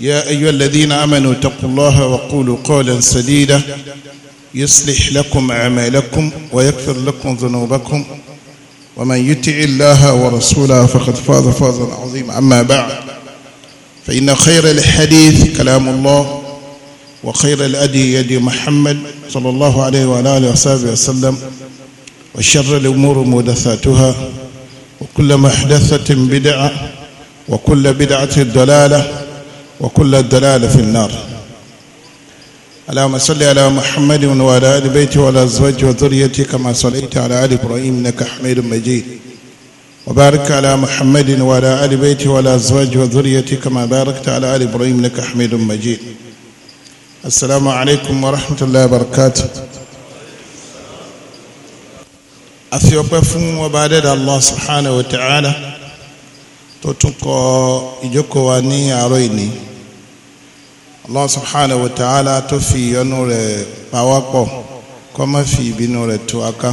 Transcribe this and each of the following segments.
يا أيها الذين آمنوا اتقوا الله وقولوا قولا سديدا يصلح لكم أعمالكم ويكفر لكم ذنوبكم ومن يطع الله ورسوله فقد فاز فوزا عظيما أما بعد فإن خير الحديث كلام الله وخير الأدي يدي محمد صلى الله عليه وعلى آله وصحبه وسلم وشر الأمور محدثاتها وكل محدثة بدعة وكل بدعة ضلالة وكل الدلال في النار اللهم صل على محمد وعلى ال بيته وعلى ازواجه وذريته كما صليت على ال ابراهيم انك حميد مجيد وبارك على محمد وعلى ال بيته وعلى ازواجه وذريته كما باركت على ال ابراهيم انك حميد مجيد السلام عليكم ورحمه الله وبركاته afi ọpẹ́ fún ọba adẹ́dàá allah tó tún kọ ìjókòó wa ní àárọ̀ ìní Allah subhanahu wa ta'ala tó fi ìyọ́nú rẹ̀ pawápọ̀ kó má fi ìbínú rẹ̀ tú aká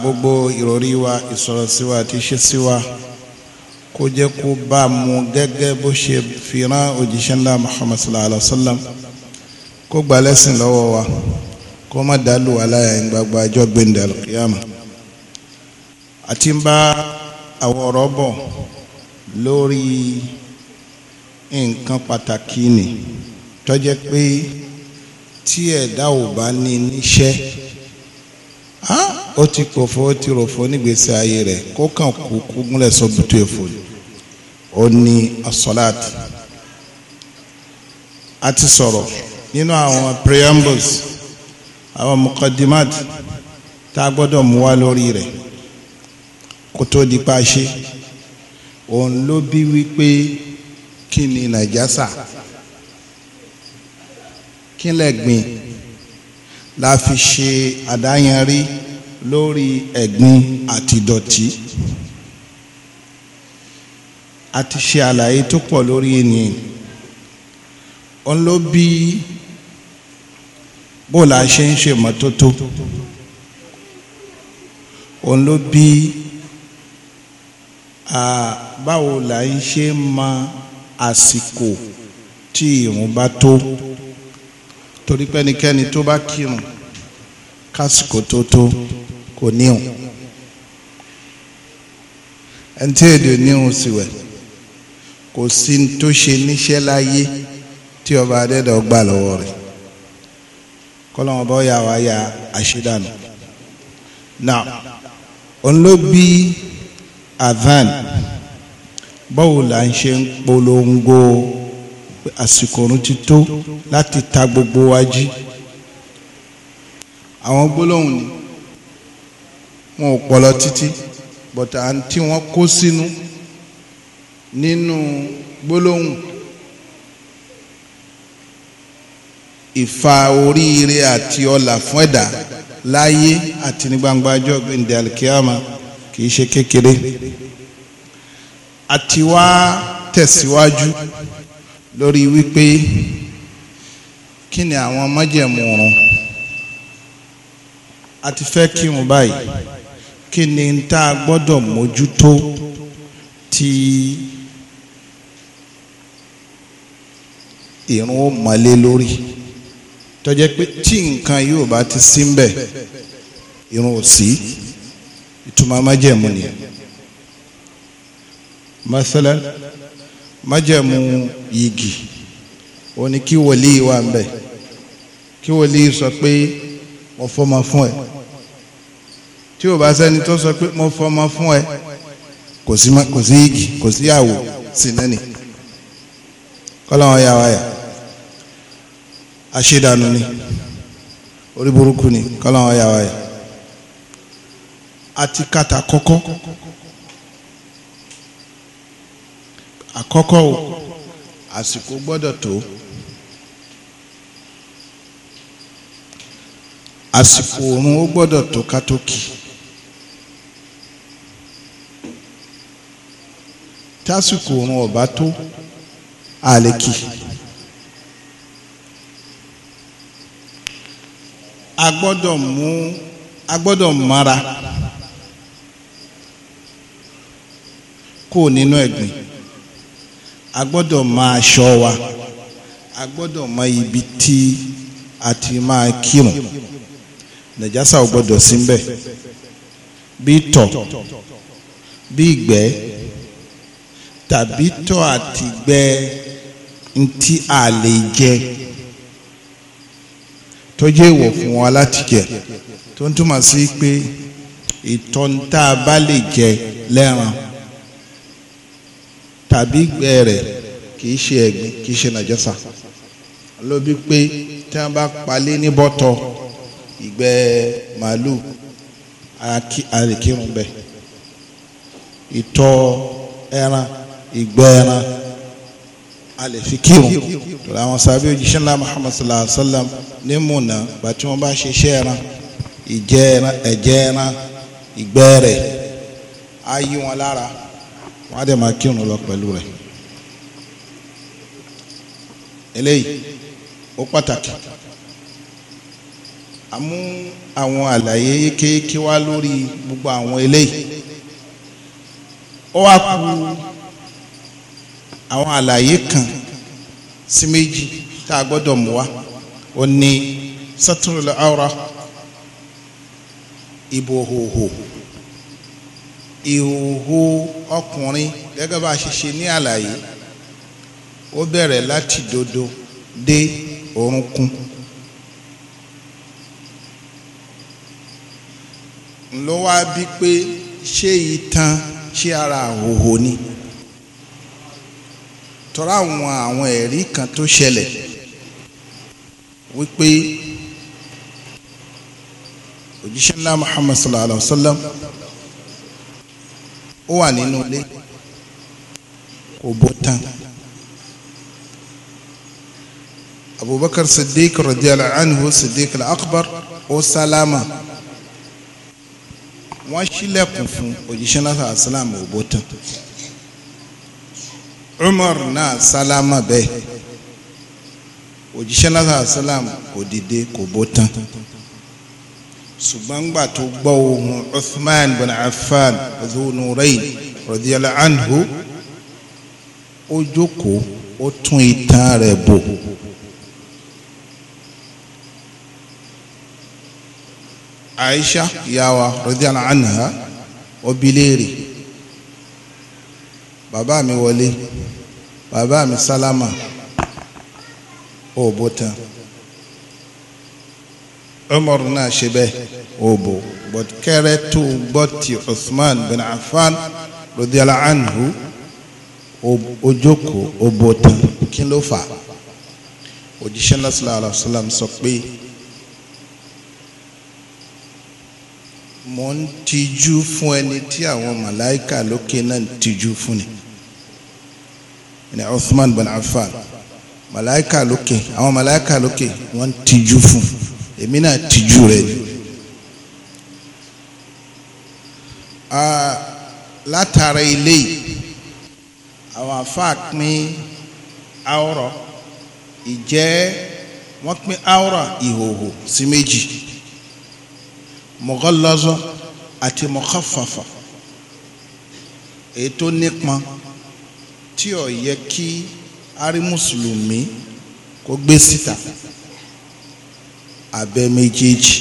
gbogbo ìròrí wa ìsọ̀rọ̀ sí wa àti iṣẹ́ sí wa kó jẹ́ kó bá mu gẹ́gẹ́ bó ṣe fi rán òjíṣẹ́ ńlá Muhammad sallallahu alaihi wa sallam kó gba lẹ́sìn lọ́wọ́ wa kó má dàlú aláya ìgbàgbọ́ àjọ gbẹ̀ndẹ̀ alqiyama àti ń bá àwọn ọ̀rọ̀ bọ̀ lórí nǹkan pàtàkì ni tó jẹ́ pé tí ẹ̀dá ò bá ní níṣẹ́ ó ti pòfo ó ti ròfo nígbèsè ayé rẹ̀ kó kàn kú kú gúnlẹ̀ sọ́bùtú èfò ó ní asọ́láàtì a ti sọ̀rọ̀ nínú àwọn preambles àwọn mukadimad. tá a gbọ́dọ̀ mú wá lórí rẹ̀ kó tó di pa ṣe òun ló bí wípé kí ni nàìjásà kí lẹ́gbìn la fi ṣe àdáyanrí lórí ẹ̀gbin àti dọ̀tí a ti ṣe àlàyé tó pọ̀ lórí ènìyàn òun ló bí bó la ṣe ń ṣe mọ́tótó òun ló bí báwo là ń ṣe mọ àsìkò tí ìrun bá tó torí pẹ́nikẹ́ni tó bá kírun kásìkò tó tó kò níhùn ẹni tí èdè níhùn sì wẹ̀ kò sí tó ṣe níṣẹ́ láyé tí ọba adẹ́dọ̀ gbà lọ́wọ́ rẹ̀ kọ́lọ́mọba ọ̀yà wa ya àṣídànù náà òun ló bí adhan báwo la ń ṣe ń polongo àsìkò ọ̀run ti tó láti ta gbogbo wa jí àwọn gbólóhùn ni wọn ò pọlọ títí bọ̀tà àǹtí wọn kó sínú nínú gbólóhùn ìfa oríire àti ọlà fún ẹ̀dá láyé àti ní gbangba ọjọ́ gbẹ̀ndẹ̀ alikiyama kì í ṣe kékeré àti wá tẹ̀síwájú lórí wípé kí ni àwọn májẹ̀mú ọ̀run a ti fẹ́ kírun báyìí kí ni n tá a gbọ́dọ̀ mójútó tí ìrun ó mọ́lé lórí tó pé tí nǹkan yóò bá ti sí ń bẹ̀ ìrun ò sí. Si ìtumọ̀ májẹ̀mú ni masala májẹ̀mú yìgì ó ní kí wòlí wà ń bẹ kí wòlí sọ pé mo fọmọ fún ẹ tí ò bá sẹ́ni tó sọ pé mo fọmọ fún ẹ kò sí yìgì kò sí àwò sí nẹ́ni kọ́láwọn yà wáyà àṣedànù ni orí burúkú ni kọ́láwọn yà wáyà. àti kàtà kọ́kọ́ àkọ́kọ́ o àsìkò gbọ́dọ̀ tó àsìkò òun ó gbọ́dọ̀ tó kátókì tásìkò òun ọ̀bá tó àlékì a mara. kó nínú ẹ̀gbìn a gbọ́dọ̀ máa ṣọ́ wa a gbọ́dọ̀ mọ ibi tí a ti máa kírun nàjásà ò gbọ́dọ̀ sí mbẹ̀ bí tọ̀ bí ìgbẹ́ tàbí tọ̀ àtìgbẹ́ ntí a lè jẹ tọ́jú èèwọ̀ fún wa láti jẹ tó ń túmọ̀ sí pé ìtọ̀ bá lè jẹ lẹ́ran. tàbí ìgbẹ́ rẹ̀ kìí ṣe ẹ̀gbin kìí ṣe nàjọ́sà ló bí pé tí wọ́n bá palé ní bọ́tọ̀ ìgbẹ́ màálù àríkírun bẹ́ẹ̀ ìtọ̀ ẹran ìgbẹ́ ẹran a lè fi kírun àwọn sábẹ́ òjíṣẹ́ ńlá Muhammad sallallahu alayhi wa sallam ní múnà bàtí wọ́n bá ṣe ẹran ìjẹ́ ẹran ẹ̀jẹ̀ ẹran ìgbẹ́ rẹ̀ á wọn lára wọ́n á dẹ̀ máa kírun lọ pẹ̀lú rẹ̀ eléyìí ó pàtàkì a mú àwọn àlàyé kéékèèké wá lórí gbogbo àwọn eléyìí ó wá kù àwọn àlàyé kan sí méjì tá a gbọ́dọ̀ mú wá ó ní satrul awra ìbòhòhò ìhòhò ọkùnrin gẹ́gẹ́ bá a ṣe ṣe ní àlàyé ó bẹ̀rẹ̀ láti dodo dé orúnkún. ló wá bí pé ṣé itan ṣé ara àhòhò ni tọ́ra àwọn àwọn ẹ̀rí kan tó ṣẹlẹ̀ wípé òjíṣẹ́ ńlá Muhammad sallallahu alaihi wa sallam ó wà nínú ilé kò bó tán abubakar siddiq radiyallahu anhu siddiq al-akbar ó sálámà wọ́n ṣílẹ̀kùn fún òjíṣẹ́ náà sàlám ò bó tán umar náà sálámà bẹ́ẹ̀ òjíṣẹ́ náà sàlám kò dìde kò bó tán ṣùgbọ́n gbà tó gbọ́ ohun Uthman bin Affan dhunurayn radiyallahu anhu ó jókòó ó tún ìtàn rẹ̀ bò. Aisha yawa radiyallahu anha ó bi léèrè bàbá mi wọlé bàbá mi sálámà ó bó tán. Umar náà ṣe bẹ́ẹ̀ ó bò but kẹ́rẹ́ tó gbọ́ ti Usman bin Affan radiyallahu anhu ó jókòó ó bò tán kí ló fà á òjíṣẹ́ náà sallallahu alayhi wa sallam sọ pé mo ń tijú fún ẹni tí àwọn màláìka lókè náà ń tijú fún ni ni Uthman bin Affan màláìka lókè àwọn màláìka lókè wọ́n ń tijú fún èmi náà tìjú rẹ̀ ni. látara ilé yìí àwọn àfáà pín àwòrán ìjẹ́ wọ́n pín àwòrán ìhòhò sí méjì mọ̀gọ́lọ́zọ àti mọ̀kọ́fàfà èyí tó nípọn tí ó yẹ kí arí mùsùlùmí kó gbé síta abẹ́ méjèèjì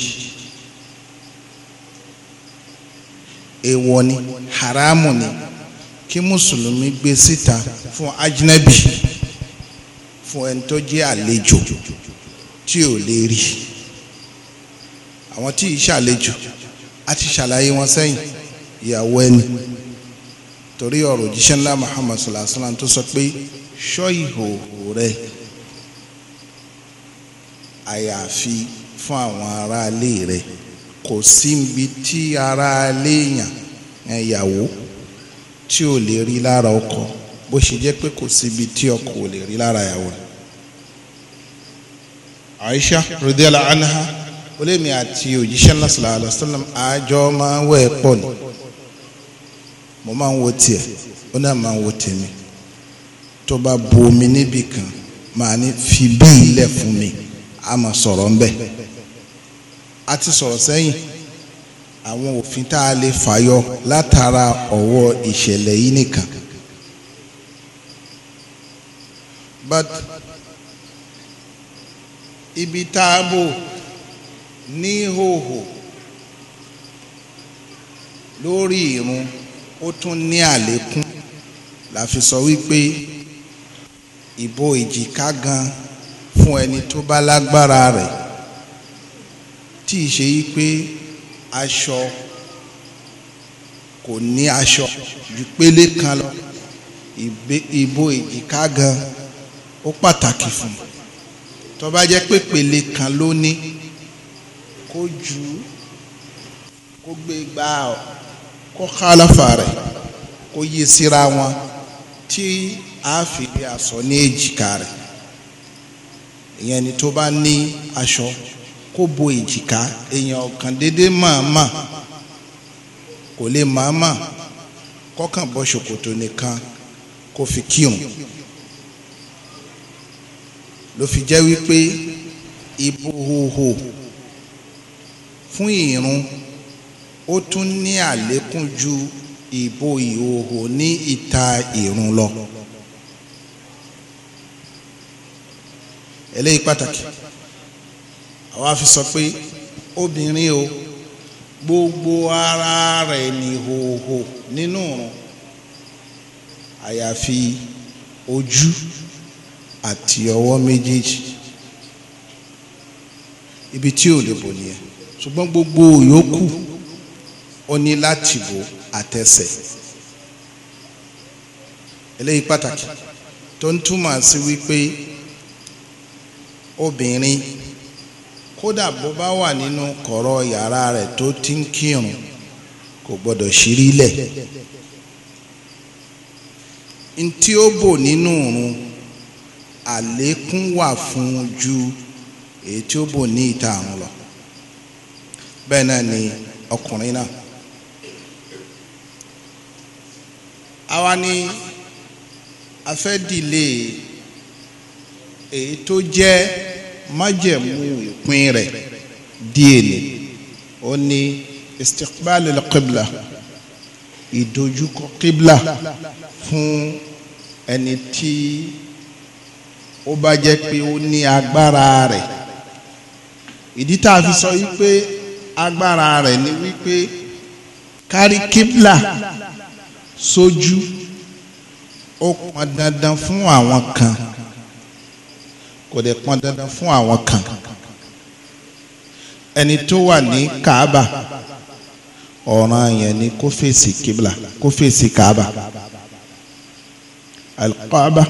èèwọ̀ ni haramu ni kí mùsùlùmí gbé síta fún ajinabi fún ẹni tó jẹ́ àlejò tí ò lè rí àwọn tí ì ṣàlejò a ti ṣàlàyé wọn sẹ́yìn ìyàwó ẹni torí ọ̀rọ̀ òjíṣẹ́ ńlá Muhammad sallallahu alaihi wasallam tó sọ pé ṣọ́ ìhòòhò rẹ àyàfi fún àwọn aráalé rẹ kò síbi tí aráalé yàn ẹ̀yàwó tí ò lè rí lára ọkọ bó ṣe jẹ́ pé kò síbi tí ọkọ ò lè rí lára ìyàwó rẹ. Aisha rudela anha olèmi àti òjíṣẹ́ ńlá sallallahu alaihi wasallam àjọ máa ń wẹ̀ pọ̀ ni mo máa ń wo tiẹ̀ ó náà máa ń wo tèmi tó bá bu omi níbì kan màá ní fi bí ilẹ̀ fún mi a máa sọ̀rọ̀ ńbẹ̀ a ti sọ̀rọ̀ sẹ́yìn àwọn òfin tá a lè fàyọ látara ọ̀wọ́ ìṣẹ̀lẹ̀ yìí nìkan but ibi tá a bò ní hòhò lórí irun ó tún ní àlékún la fi sọ wípé ìbò èjìká gan-an fún ẹni tó bá lágbára rẹ̀ tí ì ṣe yí pé aṣọ kò ní aṣọ ju pélé kan lọ ìbo èjìká gan ó pàtàkì fún un tó bá jẹ́ pé pélé kan ló ní kó ju kó gbé gbá kó kálàfà rẹ̀ kó yí síra wọn tí a fi aṣọ ní èjìká rẹ̀ ìyẹn ni tó bá ní aṣọ kó bo èjìká èèyàn kàn déédéé màmá kò lè màmá kọ́kàn bọ́ ṣòkòtò nìkan kó fi kírun ló fi jẹ́ wípé ìbòhòhò fún ìrun ó tún ní àlékún ju ìbò ìhòhò ní ìta ìrun lọ. eléyìí pàtàkì àwa fi sọ pé obìnrin o gbogbo ara rẹ̀ ní hòhò nínú òrùn àyàfi ojú àti ọwọ́ méjèèjì ibi tí ò lè bò nìyẹn ṣùgbọ́n gbogbo yòókù ó ní láti bò àtẹsẹ̀ eléyìí pàtàkì tó ń túmọ̀ sí wípé. obìnrin kódà bó bá wà nínú kọ̀rọ̀ yàrá rẹ̀ tó ti ń kírun kò gbọ́dọ̀ ṣírí lẹ̀ tí ó bò nínú òrun àlékún wà fún ju èyí tí ó bò ní ìta àrùn lọ bẹ́ẹ̀ náà ni ọkùnrin náà àwa ni a fẹ́ dìlé èyí tó jẹ́ májẹ̀mú ìpín rẹ̀ díẹ̀ ni ó ní istiqbal al-qibla ìdojúkọ qibla fún ẹni tí ó bá jẹ́ pé ó ní agbára rẹ̀ ìdí tá a fi sọ wípé agbára rẹ̀ ni wípé kárí qibla sójú ó pọn dandan fún àwọn kan kò lè pọn dandan fún àwọn kan ẹni tó wà ní kaaba ọ̀ràn yẹn ni kó fèsì kibla kó fèsì kaaba alqaaba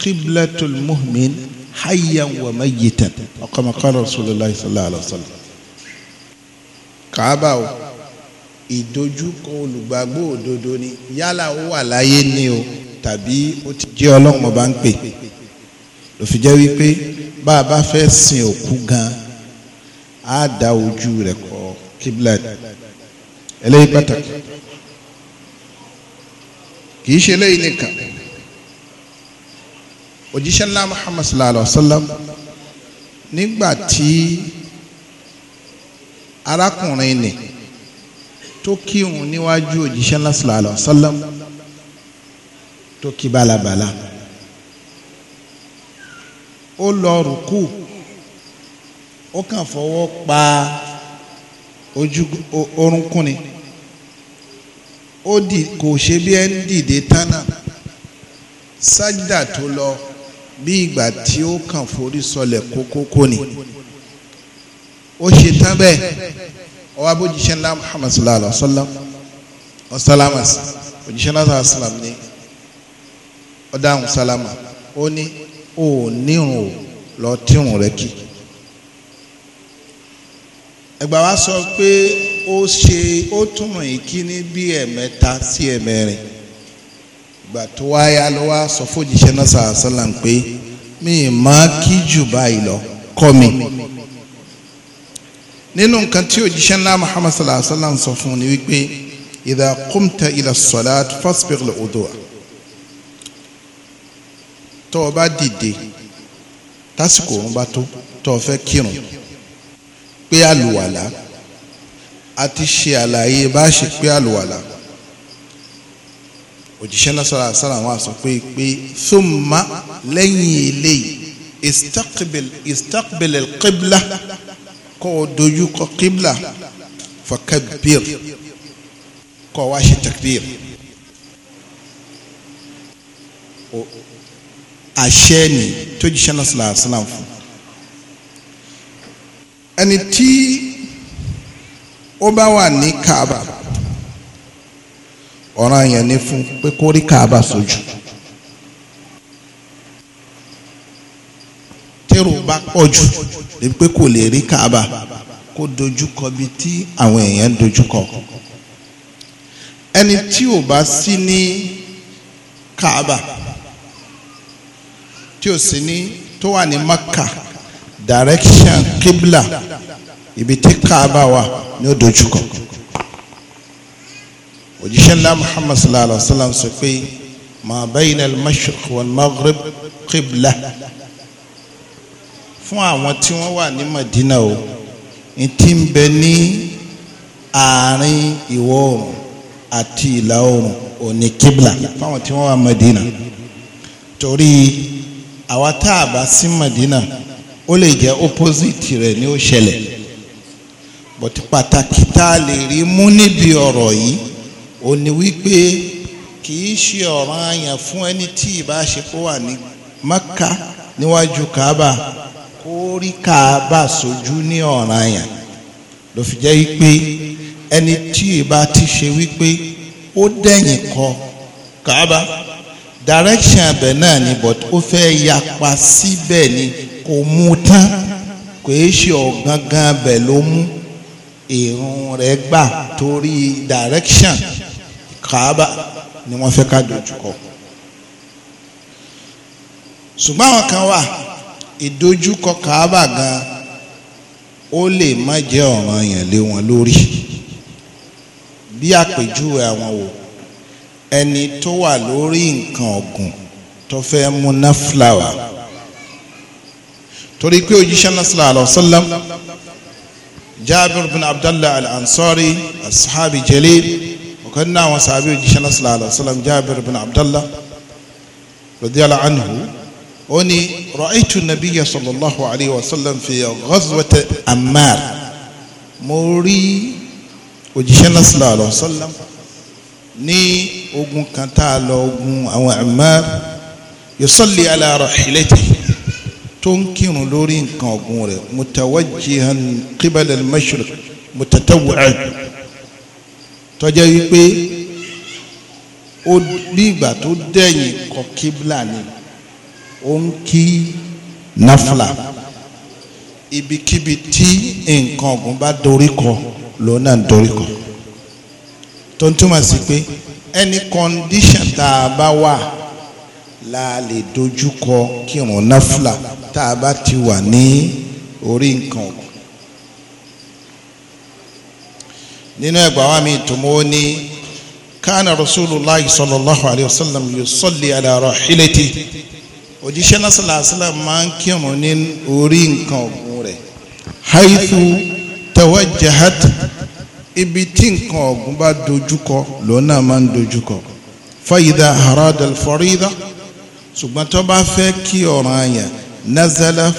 qiblatul mu'min hayyan wa mayyitan ọkọọmọ kan rasulillah sallallahu alaihi wa sallam kaaba o ìdojúkọ olùgbàgbọ́ òdodo ni yálà ó wà láyé ni o tàbí ó ti jẹ́ ọlọ́run ń pè ló fi jẹ́ wípé bá a bá fẹ́ sin òkú gan á da ojú rẹ̀ kọ kíbla eléyìí pàtàkì kì í ṣe eléyìí nìkan òjíṣẹ́ ńlá muhammad sallallahu alayhi wa sallam nígbà tí arákùnrin nì tó kírun níwájú òjíṣẹ́ ńlá sallallahu alayhi wa sallam tó kí balabala. Bala ó lọ rùkú ó kàn fọwọ́ pa ojú orúnkún ni ó dì kò ṣe bí ẹ ń dìde tánà sájídà tó lọ bí ìgbà tí ó kàn forí sọlẹ̀ kókókó ni ó ṣe tán bẹ́ẹ̀ ọwọ́ abójíṣẹ́ ńlá Muhammad sallallahu alaihi wa sallam ọ̀sálámà òjíṣẹ́ náà sàlámà ni ọ̀dáhùn sálámà ó ní ò nírun o lọ tírun rẹ kí ẹgbà wa sọ pé ó ṣe ó túnrun ìkíní bí ẹ̀mẹ́ta sí ẹ̀mẹ́rin ìgbà tó wáyá ló wá sọ fòjíṣẹ́ náà sàásánlá pé mi má kí jù báyìí lọ kọ́ mi nínú nǹkan tí òjíṣẹ́ ńlá Muhammad sallallahu alaihi sọ fún ni wípé idha qumta ila salat fasbiq li wudu'a tó o bá dìde tásìkò òun bá tó tó o fẹ́ kírun pé àlùwàlà a ti ṣe àlàyé bá ṣe pé àlùwàlà òjíṣẹ́ náà sọ̀rọ̀ àṣàrà àwọn àṣọ pé pé thumma lẹ́yìn eléyìí istaqbil istaqbil al-qibla kó o dojú kọ qibla fakabbir kó wá ṣe takbir. àṣẹ ni tó jíṣẹ́ náà sílá sílá fún ẹni tí ó kaaba ọ̀ràn yẹn ni fún pé kó rí kaaba sójú tẹ́rù bá pọ̀ jù débi pé kò lè rí kaaba kó dojúkọ bí tí àwọn èèyàn dojúkọ ẹni tí ò bá sí ní kaaba tí ò sí ní tó wà ní Maka direction kibla ibi tí Kaaba wà ní ó dojúkọ òjíṣẹ́ ńlá Muhammad sallallahu alaihi wa sallam sọ pé ma bayna al-mashriq wal-maghrib kibla fún àwọn tí wọ́n wà ní Madina o n ti ń bẹ ní àárín ìwọ̀ oòrùn àti ìlà oòrùn òní kibla fáwọn tí wọ́n wà Madina torí àwa tá a bá sí Madina ó lè jẹ́ opposite rẹ̀ ni ó ṣẹlẹ̀ bọ̀tí pàtàkì tá a lè rí mú níbi ọ̀rọ̀ yìí ó ní wípé kì í ṣe ọ̀ràn àyàn fún ẹni tí ìbáṣepọ̀ wà ní Maka níwájú Kaaba kó rí Kaaba sójú ní ọ̀ràn àyàn ló fi jẹ́ wípé ẹni tí ìbá ti ṣe wípé ó dẹ̀yìn kọ Kaaba direction abẹ náà ni but ó fẹ́ yapa síbẹ̀ ni kò mú tán kò é ṣe ọ̀gangan abẹ ló mú èrún rẹ̀ gbà torí direction kaaba ni wọ́n fẹ́ ká dojúkọ. ṣùgbọ́n àwọn kan wà ìdojúkọ kaaba gan ó lè má jẹ́ ọ̀ranyàn lé wọn lórí bí àpèjúwe àwọn òkú. ẹni tó wà lórí nǹkan ọ̀gùn tó fẹ́ mú náfìlà wá torí pé òjíṣẹ́ náà sallallahu alaihi wasallam Jabir bin Abdullah al-Ansari as-sahabi jalil ọ̀kan náà àwọn sàbí òjíṣẹ́ náà sallallahu alaihi wasallam Jabir bin Abdullah radiyallahu anhu ó ní ra'aytu nabiyya sallallahu alaihi wasallam fi ghazwat Ammar mo rí òjíṣẹ́ náà sallallahu alaihi wasallam. ní ogun kan tá a lọ ogun àwọn Ammar yusalli ala rahilatihi tó ń kírun lórí nǹkan ọ̀gbun rẹ̀ mutawajjihan qibala al-mashriq mutatawwi'an tó jẹ́ wípé ó bí ìgbà tó dẹ̀yìn kọ kíbla ni ó ń kí náfìlà ibikíbi tí nǹkan ọ̀gbun bá dorí kọ lòun dorí kọ tó ń túmọ̀ sí pé any condition tá a bá wà la lè dojúkọ kírun náfìlà tá a bá ti wà ní orí nǹkan nínú ẹgbàá wa mi tó mọ́ ní kánà rasulullah sallallahu alayhi wa sallam yusalli ala rahilati òjíṣẹ́ lásìlàsílà máa ń kírun ní orí nǹkan ọ̀gbìn rẹ̀ haythu tawajjahat ibi tí nǹkan ọ̀gùn bá dojúkọ lòun náà máa ń dojúkọ fayida haradal farida ṣùgbọ́n tó bá fẹ́ kí ọ̀ràn àyà nazala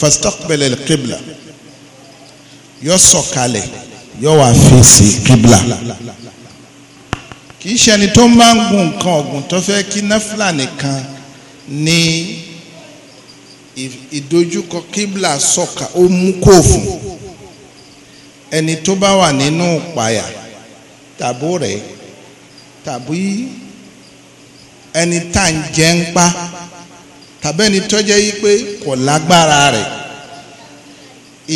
fastaqbala alqibla yọ sọ̀kalẹ̀ yọ wà fèsì qibla kì í ṣẹni tó máa ń gun nǹkan ọ̀gùn tó fẹ́ kí náfìlà nìkan ní ìdojúkọ qibla sọ̀ka ó mú kóòfù ẹni tó bá wà nínú ìpayà tàbó rẹ̀ tàbí ẹni tá ń jẹ ń pa tàbẹ́ni tó jẹ́ yí pé kò lágbára rẹ̀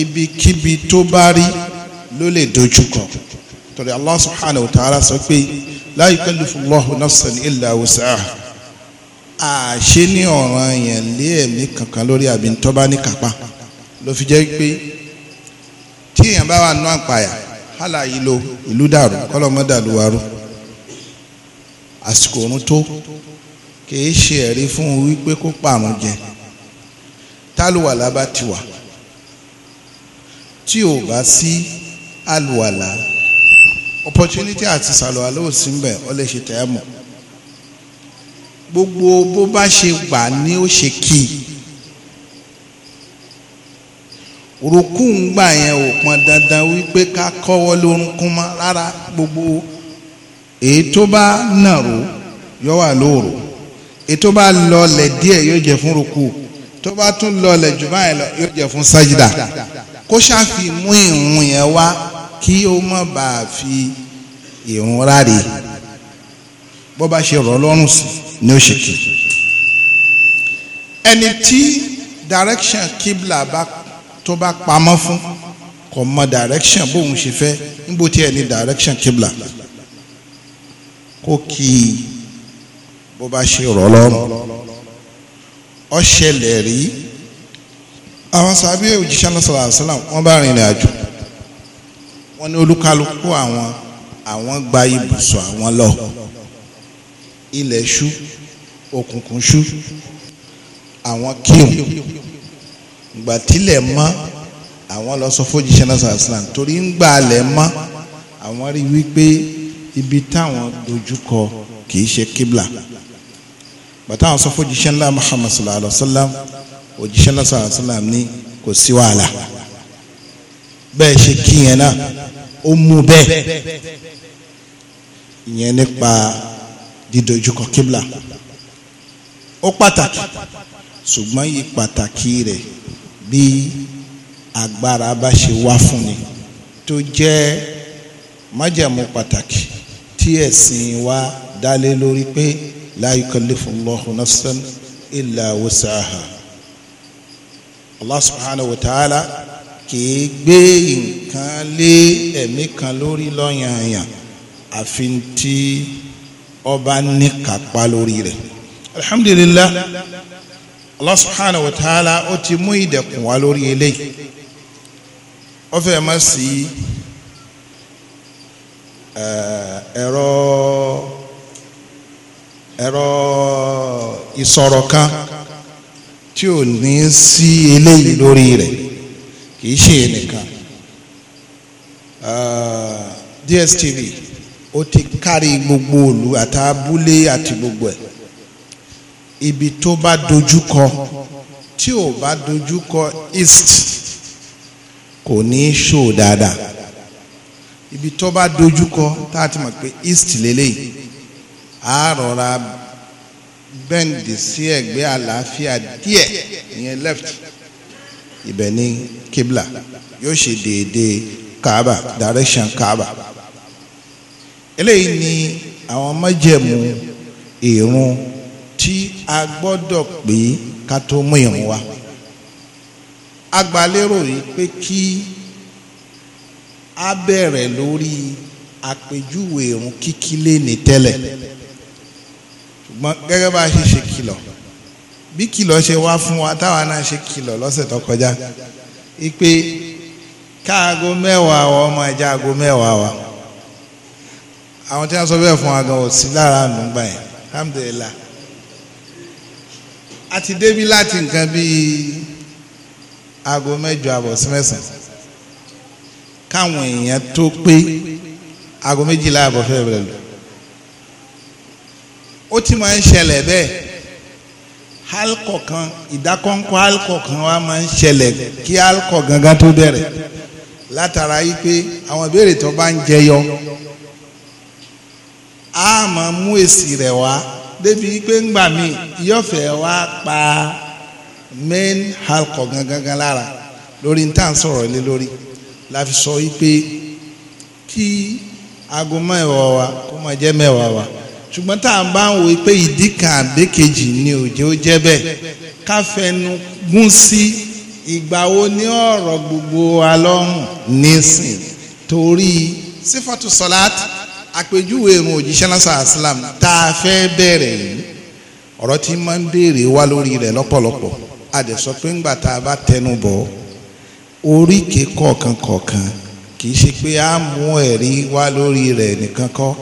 ibikíbi tó bá rí ló lè dojú kọ torí Allah subhanahu wa ta'ala sọ pé la yukallifullahu nafsan illa wus'aha àṣé ní ọ̀ràn yẹn lé ẹ̀mí kankan lórí àbí tó ní kápá ló fi jẹ́ pé tí èèyàn bá wà nù àpàyà hàlà yìí lo ìlú dàrú kọlọmọ dàlú warú àsìkò òrun tó kìí ṣe ẹ̀rí fún wípé kó pààrùn jẹ tálùwàlá bá ti wà tí ò bá sí àlùwàlá opportunity àti sàlùwàlá ò sí mbẹ ọ lè ṣe tẹ́ ẹ mọ̀ gbogbo bó bá ṣe gbà ni ó ṣe kí i rùkú ń gbà yẹn ò pọn dandan wípé ká kọ́wọ́ lórúnkún mọ́ rárá gbogbo èyí tó bá nàró yọ wà lóòrò èyí tó bá lọlẹ̀ díẹ̀ yóò jẹ́ fún rùkú tó bá tún lọlẹ̀ jù báyìí lọ yóò jẹ́ fún sájídà kó ṣàfi mú ìrun yẹn wá kí ó má bàa fi ìrun ráre bó bá ṣe rọ̀ lọ́rùn sí ni ó ṣe kì í ẹni tí direction kibla bá tó bá pamọ́ fún kò mọ direction bóun ṣe fẹ́ níbo tí ẹ ní direction kibla kó kì í bó bá ṣe rọ̀ lọ́rùn ó ṣẹlẹ̀ rí àwọn sábẹ́ òjíṣẹ́ náà sọ̀rọ̀ àṣàlà wọ́n bá rìnrìn àjò wọ́n ní olúkálukú àwọn àwọn gba ibùsùn àwọn lọ ilẹ̀ ṣú òkùnkùn ṣú àwọn kíhùn ìgbà tílẹ̀ mọ́ àwọn lọ sọ fún jíṣẹ́ náà sàlám torí ń gbà lẹ̀ mọ́ àwọn rí wípé ibi táwọn dojúkọ kì í ṣe kíbla bàtà àwọn sọ fún jíṣẹ́ náà Muhammad sallallahu alayhi wa sallam òjíṣẹ́ náà sallallahu ní kò sí wàhálà bẹ́ẹ̀ ṣe kí yẹn náà ó mú bẹ́ẹ̀ ìyẹn nípa dídojúkọ kíbla ó pàtàkì ṣùgbọ́n yìí pàtàkì rẹ̀ bí agbára bá ṣe wá fún ni tó jẹ́ májẹ̀mú pàtàkì tí ẹ̀sìn wa dálé lórí pé la yukallifullahu nafsan illa wusaha Allah subhanahu wa ta'ala kìí gbé nǹkan lé ẹ̀mí kan lórí lọ́yànyàn àfi tí ọba níkàpá lórí rẹ̀ alhamdulillah. Allah subhanahu wa ta'ala ó ti mú ìdẹ̀kùn wá lórí eléyìí ó fẹ́ má sí eh, ẹ̀rọ ẹ̀rọ ìsọ̀rọ̀ kan tí ò ní sí eléyìí lórí rẹ̀ kì ṣe nìkan eh, DSTV ó ti kárí gbogbo ìlú àtàbúlé àti gbogbo ẹ̀ ibi tó bá dojúkọ tí ò bá dojúkọ east kò ní í ṣò dáadáa ibi tó bá dojúkọ tá a ti mọ̀ pé east lélẹ́yìí a rọra bẹ́ǹdì sí ẹ̀gbẹ́ àlàáfíà díẹ̀ ìyẹn left ibẹ̀ ní kibla yóò ṣe déédéé kaaba direction kaaba eléyìí ni àwọn májẹ̀mú ìrun. E tí a gbọ́dọ̀ pé ká tó mú ìrun wa agbalérò yìí pé kí a bẹ̀rẹ̀ lórí àpèjúwe ìrun kíkí lé ní tẹ́lẹ̀ ṣùgbọ́n gẹ́gẹ́ bá a ṣe ṣe kìlọ̀ bí kìlọ̀ ṣe wá fún wa táwa náà ṣe kìlọ̀ lọ́sẹ̀ tó kọjá ipe káago mẹ́wàá wa ọmọ ẹja aago mẹ́wàá wa àwọn tí wọ́n sọ bẹ́ẹ̀ fún wa gan ò sí lára àánú gbà yẹn alhamdulilayi a ti débi láti nǹkan bíi aago mẹ́jọ àbọ̀ sí mẹ́sàn-án káwọn èèyàn tó pé aago méjìlá àbọ̀ fẹ́ bẹ̀rẹ̀ lò ó ti máa ń ṣẹlẹ̀ bẹ́ẹ̀ halkọ kan ìdákọ́ńkọ́ halkọ kan wa máa ń ṣẹlẹ̀ kí halkọ gangan tó bẹ̀rẹ̀ látara yìí pé àwọn ìbéèrè tó bá ń jẹyọ a máa mú èsì rẹ̀ wá débi pé ńgbà mi yọ̀fẹ̀ wá pa main alcohol gangan lára lórí ní tá à ń sọ̀rọ̀ ilé lórí la fi sọ wípé kí aago mẹ́wàá wa kó máa jẹ́ mẹ́wàá wa ṣùgbọ́n tá à ń bá ń wò pé ìdí kan àbẹ́kejì ni òjò jẹ́ bẹ́ẹ̀ ká fẹnu gún sí ìgbà wo ní ọ̀rọ̀ gbogbo alọ́run nísìn torí sífọ́tù sọ́láàtì àpèjúwe òjíṣẹ́ islam tá a fẹ́ bẹ̀rẹ̀ yìí ọ̀rọ̀ tí máa ń béèrè wá lórí rẹ̀ lọ́pọ̀lọpọ̀ a dẹ̀ sọ pé ńgbà tá a bá tẹnu bọ̀ kọ̀ọ̀kan kọ̀ọ̀kan kì í ṣe pé a mú ẹ̀rí wá lórí rẹ̀ nìkan kọ́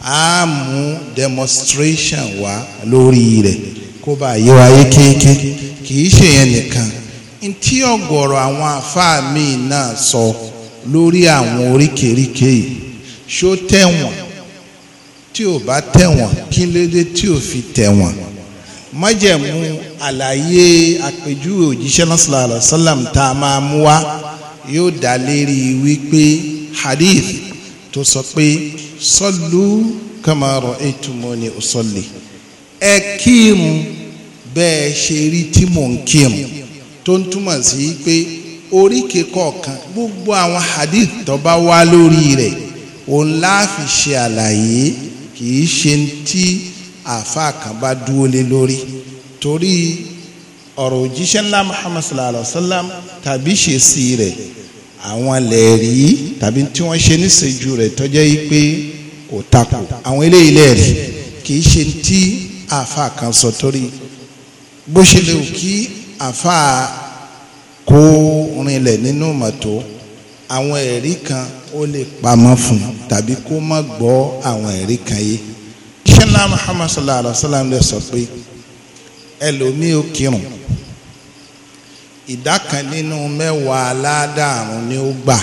a mú demonstration wá lórí rẹ̀ kó bá wa kéèké kì í ṣe yẹn nìkan ntí ọ̀gọ̀rọ̀ àwọn àfáà míì náà sọ lórí ṣó tẹ̀wọ̀n tí ò bá tẹ̀wọ̀n kí ló dé tí ò fi tẹ̀wọ̀n májẹ̀mú àlàyé àpèjúwe òjíṣẹ́ náà sallallahu tá a máa mú wá yóò dá lérí wípé hadith tó sọ pé sallu kama ra'aytumuni usalli ẹ kírun bẹ́ẹ̀ ṣe rí tí mò ń kírun tó ń túmọ̀ sí pé oríkèé kọ̀ọ̀kan gbogbo àwọn hadith tó bá wá lórí rẹ̀ òun láàfin ṣe àlàyé kì í ṣe tí àáfàá kan bá dúró lé lórí torí ọ̀rọ̀ òjíṣẹ́ ńlá muhammad sallallahu alayhi wa sallam tàbí ṣe sí rẹ̀ àwọn lẹ́ẹ̀rí tàbí tí wọ́n ṣe níṣẹ́jú rẹ̀ tọ́jẹ́ yí pé kò takò àwọn eléyìí lẹ́ẹ̀rí kì í ṣe tí àáfàá kan sọ torí bó ṣe lè kí àáfàá kó rinlẹ̀ nínú mọ̀tò àwọn ẹ̀rí kan ó lè pamọ́ fún tàbí kó má gbọ́ àwọn ẹ̀rí kan yé ṣẹlá muhammad sallallahu alaihi wa sallam lè sọ pé ẹlòmíì ó kírun ìdá kan nínú mẹ́wàá aládàrún ni ó gbà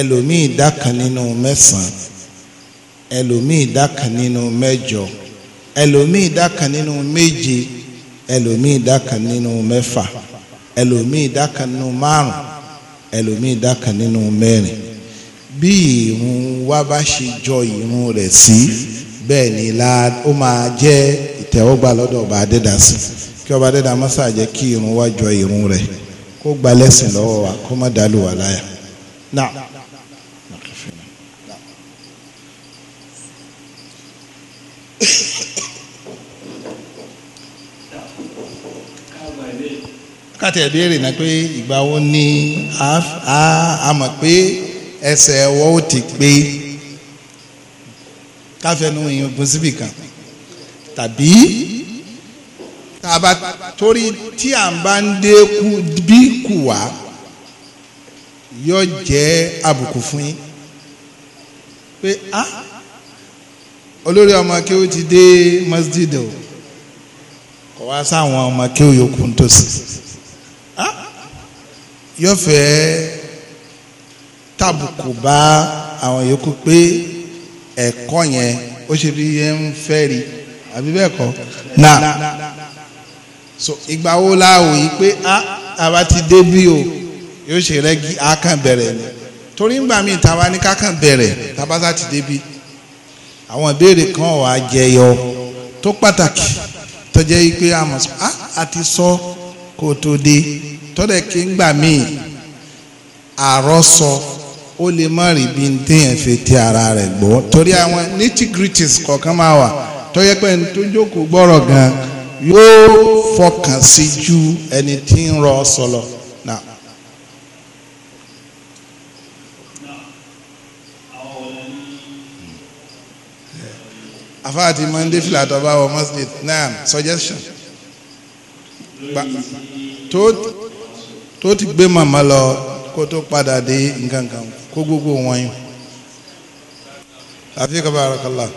ẹlòmíì ìdá kan nínú mẹ́sàn-án ẹlòmíì ìdá kan nínú mẹ́jọ ẹlòmíì ìdá kan nínú méje ẹlòmíì ìdá kan nínú mẹ́fà ẹlòmíì ìdá kan nínú márùn-ún ẹlòmíì dákan nínú mẹ́rin bí ìrun wa bá ṣe jọ ìrun rẹ̀ sí bẹ́ẹ̀ ni la ó máa jẹ́ ìtẹ́wọ́gbà lọ́dọ̀ ọba adẹ́dà sí kí ọba adẹ́dà mọ́sà jẹ́ kí ìrun wa jọ ìrun rẹ̀ kó gba lẹ́sìn lọ́wọ́ wa kó má dàlù wà láyà. náà. kátẹ́ ìbéèrè náà pé ìgbà wo ni a mọ̀ pé ẹsẹ̀ ẹ̀wọ́ ó ti pé káfẹ́nu ìyọ̀gbọ́n síbì kan tàbí tá a bá torí tí à ń bá ń dé bí kù wá yóò jẹ́ àbùkù fún yín pé a olórí ọmọ kí ó ti dé masjid o kò wá sáwọn ọmọ kí ó yòókù ń tòsí yọ̀fẹ́ tàbùkù bá àwọn yòókù pé ẹ̀kọ́ yẹn ó ṣe bí yẹn ń fẹ́ rí àbí bẹ́ẹ̀ kọ́ na so ìgbà wo la wò yí pé ah, a àwa ti dé bí o yóò ṣe rẹ́gí a kàn bẹ̀rẹ̀ ni torí ń gbà mí tàwa ní ká bẹ̀rẹ̀ tabata ti dé bí àwọn ìbéèrè kan wà jẹyọ tó pàtàkì tó yí pé a mọ̀ sọ ah, a àti sọ kó tó dé tọ́dẹ̀ kí ń gbà míì àrọ́sọ ó lè má rí bí n téèyàn fi ti ara rẹ̀ gbọ́ torí àwọn nitty-gritties kọ̀ọ̀kan máa wà tọ́yẹ pé ní tó jókòó gbọ́rọ̀ gan yóò fọkàn sí ju ẹni tí ń rọ sọ lọ. afaati mande fila tọba wọ masjid naam suggestion. Ba, to, tó ti gbé màmá lọ kó tó padà dé nǹkan kan kó gbogbo wọn yìí àfi kabarakallah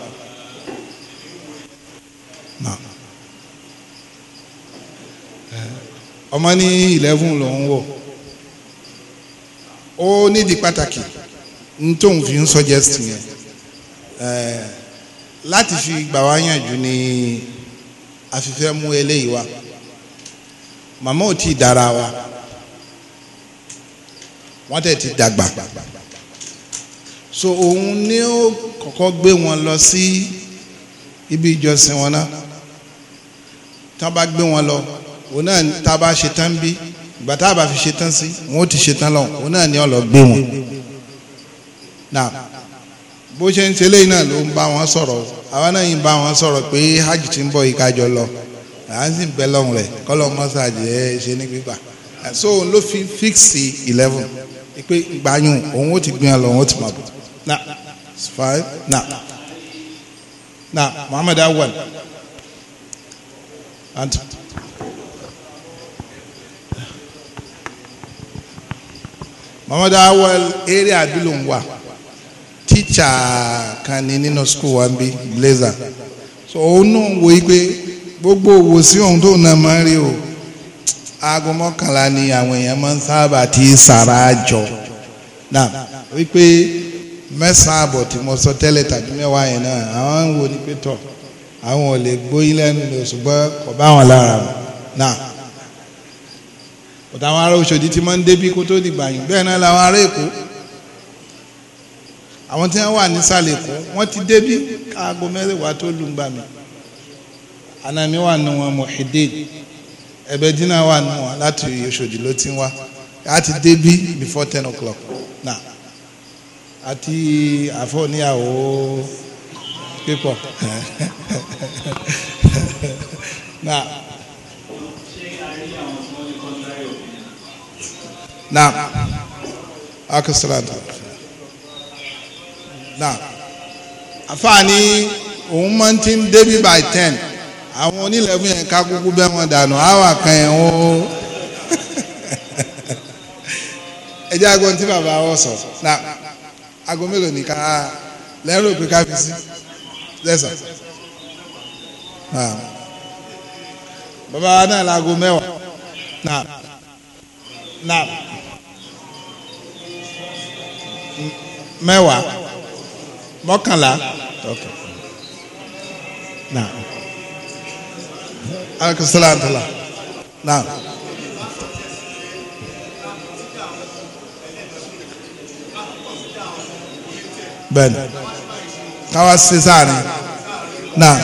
ọmọ ní eleven ló ń wọ̀ ó nídìí pàtàkì nítòun fi ń suggest yẹn láti fi gbà wá yànjú ni a mú eléyìí wá màmá ò tí ì dára wa wọ́n tẹ̀ ti dàgbà so òun ni ó kọ́kọ́ gbé wọn lọ sí ibi ìjọsìn wọn náà tá a bá gbé wọn lọ òun náà tá a bá ṣe tán bí ìgbà tá a bá fi ṣe tán sí wọn ó ti ṣe tán lọ òun náà ni ó lọ gbé wọn náà bó ṣe ń ṣe léyìn náà ló ń bá wọn sọ̀rọ̀ àwa náà yìí ń bá wọn sọ̀rọ̀ pé hajj ti ń bọ̀ yìí ká lọ à ń sì bẹ́ lọ́hùn rẹ̀ kọ́lọ́ mọ́sáàjì ẹ̀ ṣe ní gbígbà so òun ló fi fíksì eleven pé gbàyàn òun ó ti gbìyànjú lọ òun ó ti máa bọ̀ na five na na Muhammad awal and. Muhammad awal area abilon wa tíṣà kan ní nínú school wa ń bí blazer so òun náà wo yí pé gbogbo òwò sí òun tó náà máa ń rí o aago mọ́kànlá ni àwọn èèyàn máa ń sábà ti sàrà jọ náà wípé mẹ́sàn-án àbọ̀ tí mo sọ tẹ́lẹ̀ tàbí mẹ́wàá yẹn náà àwọn ń wo ni pé tọ̀ àwọn ò lè gbóyìn lẹ́nu lò ṣùgbọ́n kò bá wọn lára mu náà ọ̀tà àwọn ará Òṣòdì ti máa ń débí kó tó dìgbà yìí bẹ́ẹ̀ náà làwọn ará Èkó àwọn tí wọ́n wà nísàlẹ̀ Èkó wọ́n ti débí káàgó mẹ́rẹ̀wá tó lù àná mi wà nù wọn Muhyiddin. ẹ̀bẹ̀ dínà wà nù wọn láti Òṣòdì ló ti ń wá a ti dé bí before ten o'clock now àti àfọ̀níyàwó pípọ̀ na Now, akasalaatu. na afaani òun máa ń ti débi by ten. àwọn onílẹ̀ fún yẹn ká kúkú bẹ́ wọn dànù àwa kan yẹn ó ẹ jẹ́ aago bàbá wọ sọ na aago mélòó ni ká lẹ́rù pé ká fi sí lẹ́sàn. bàbá wa náà laago mẹ́wàá na na mẹ́wàá mọ́kànlá. Okay. Nah akisilantala naam. bẹ́ẹ̀ni káwá ṣe sáàrin náà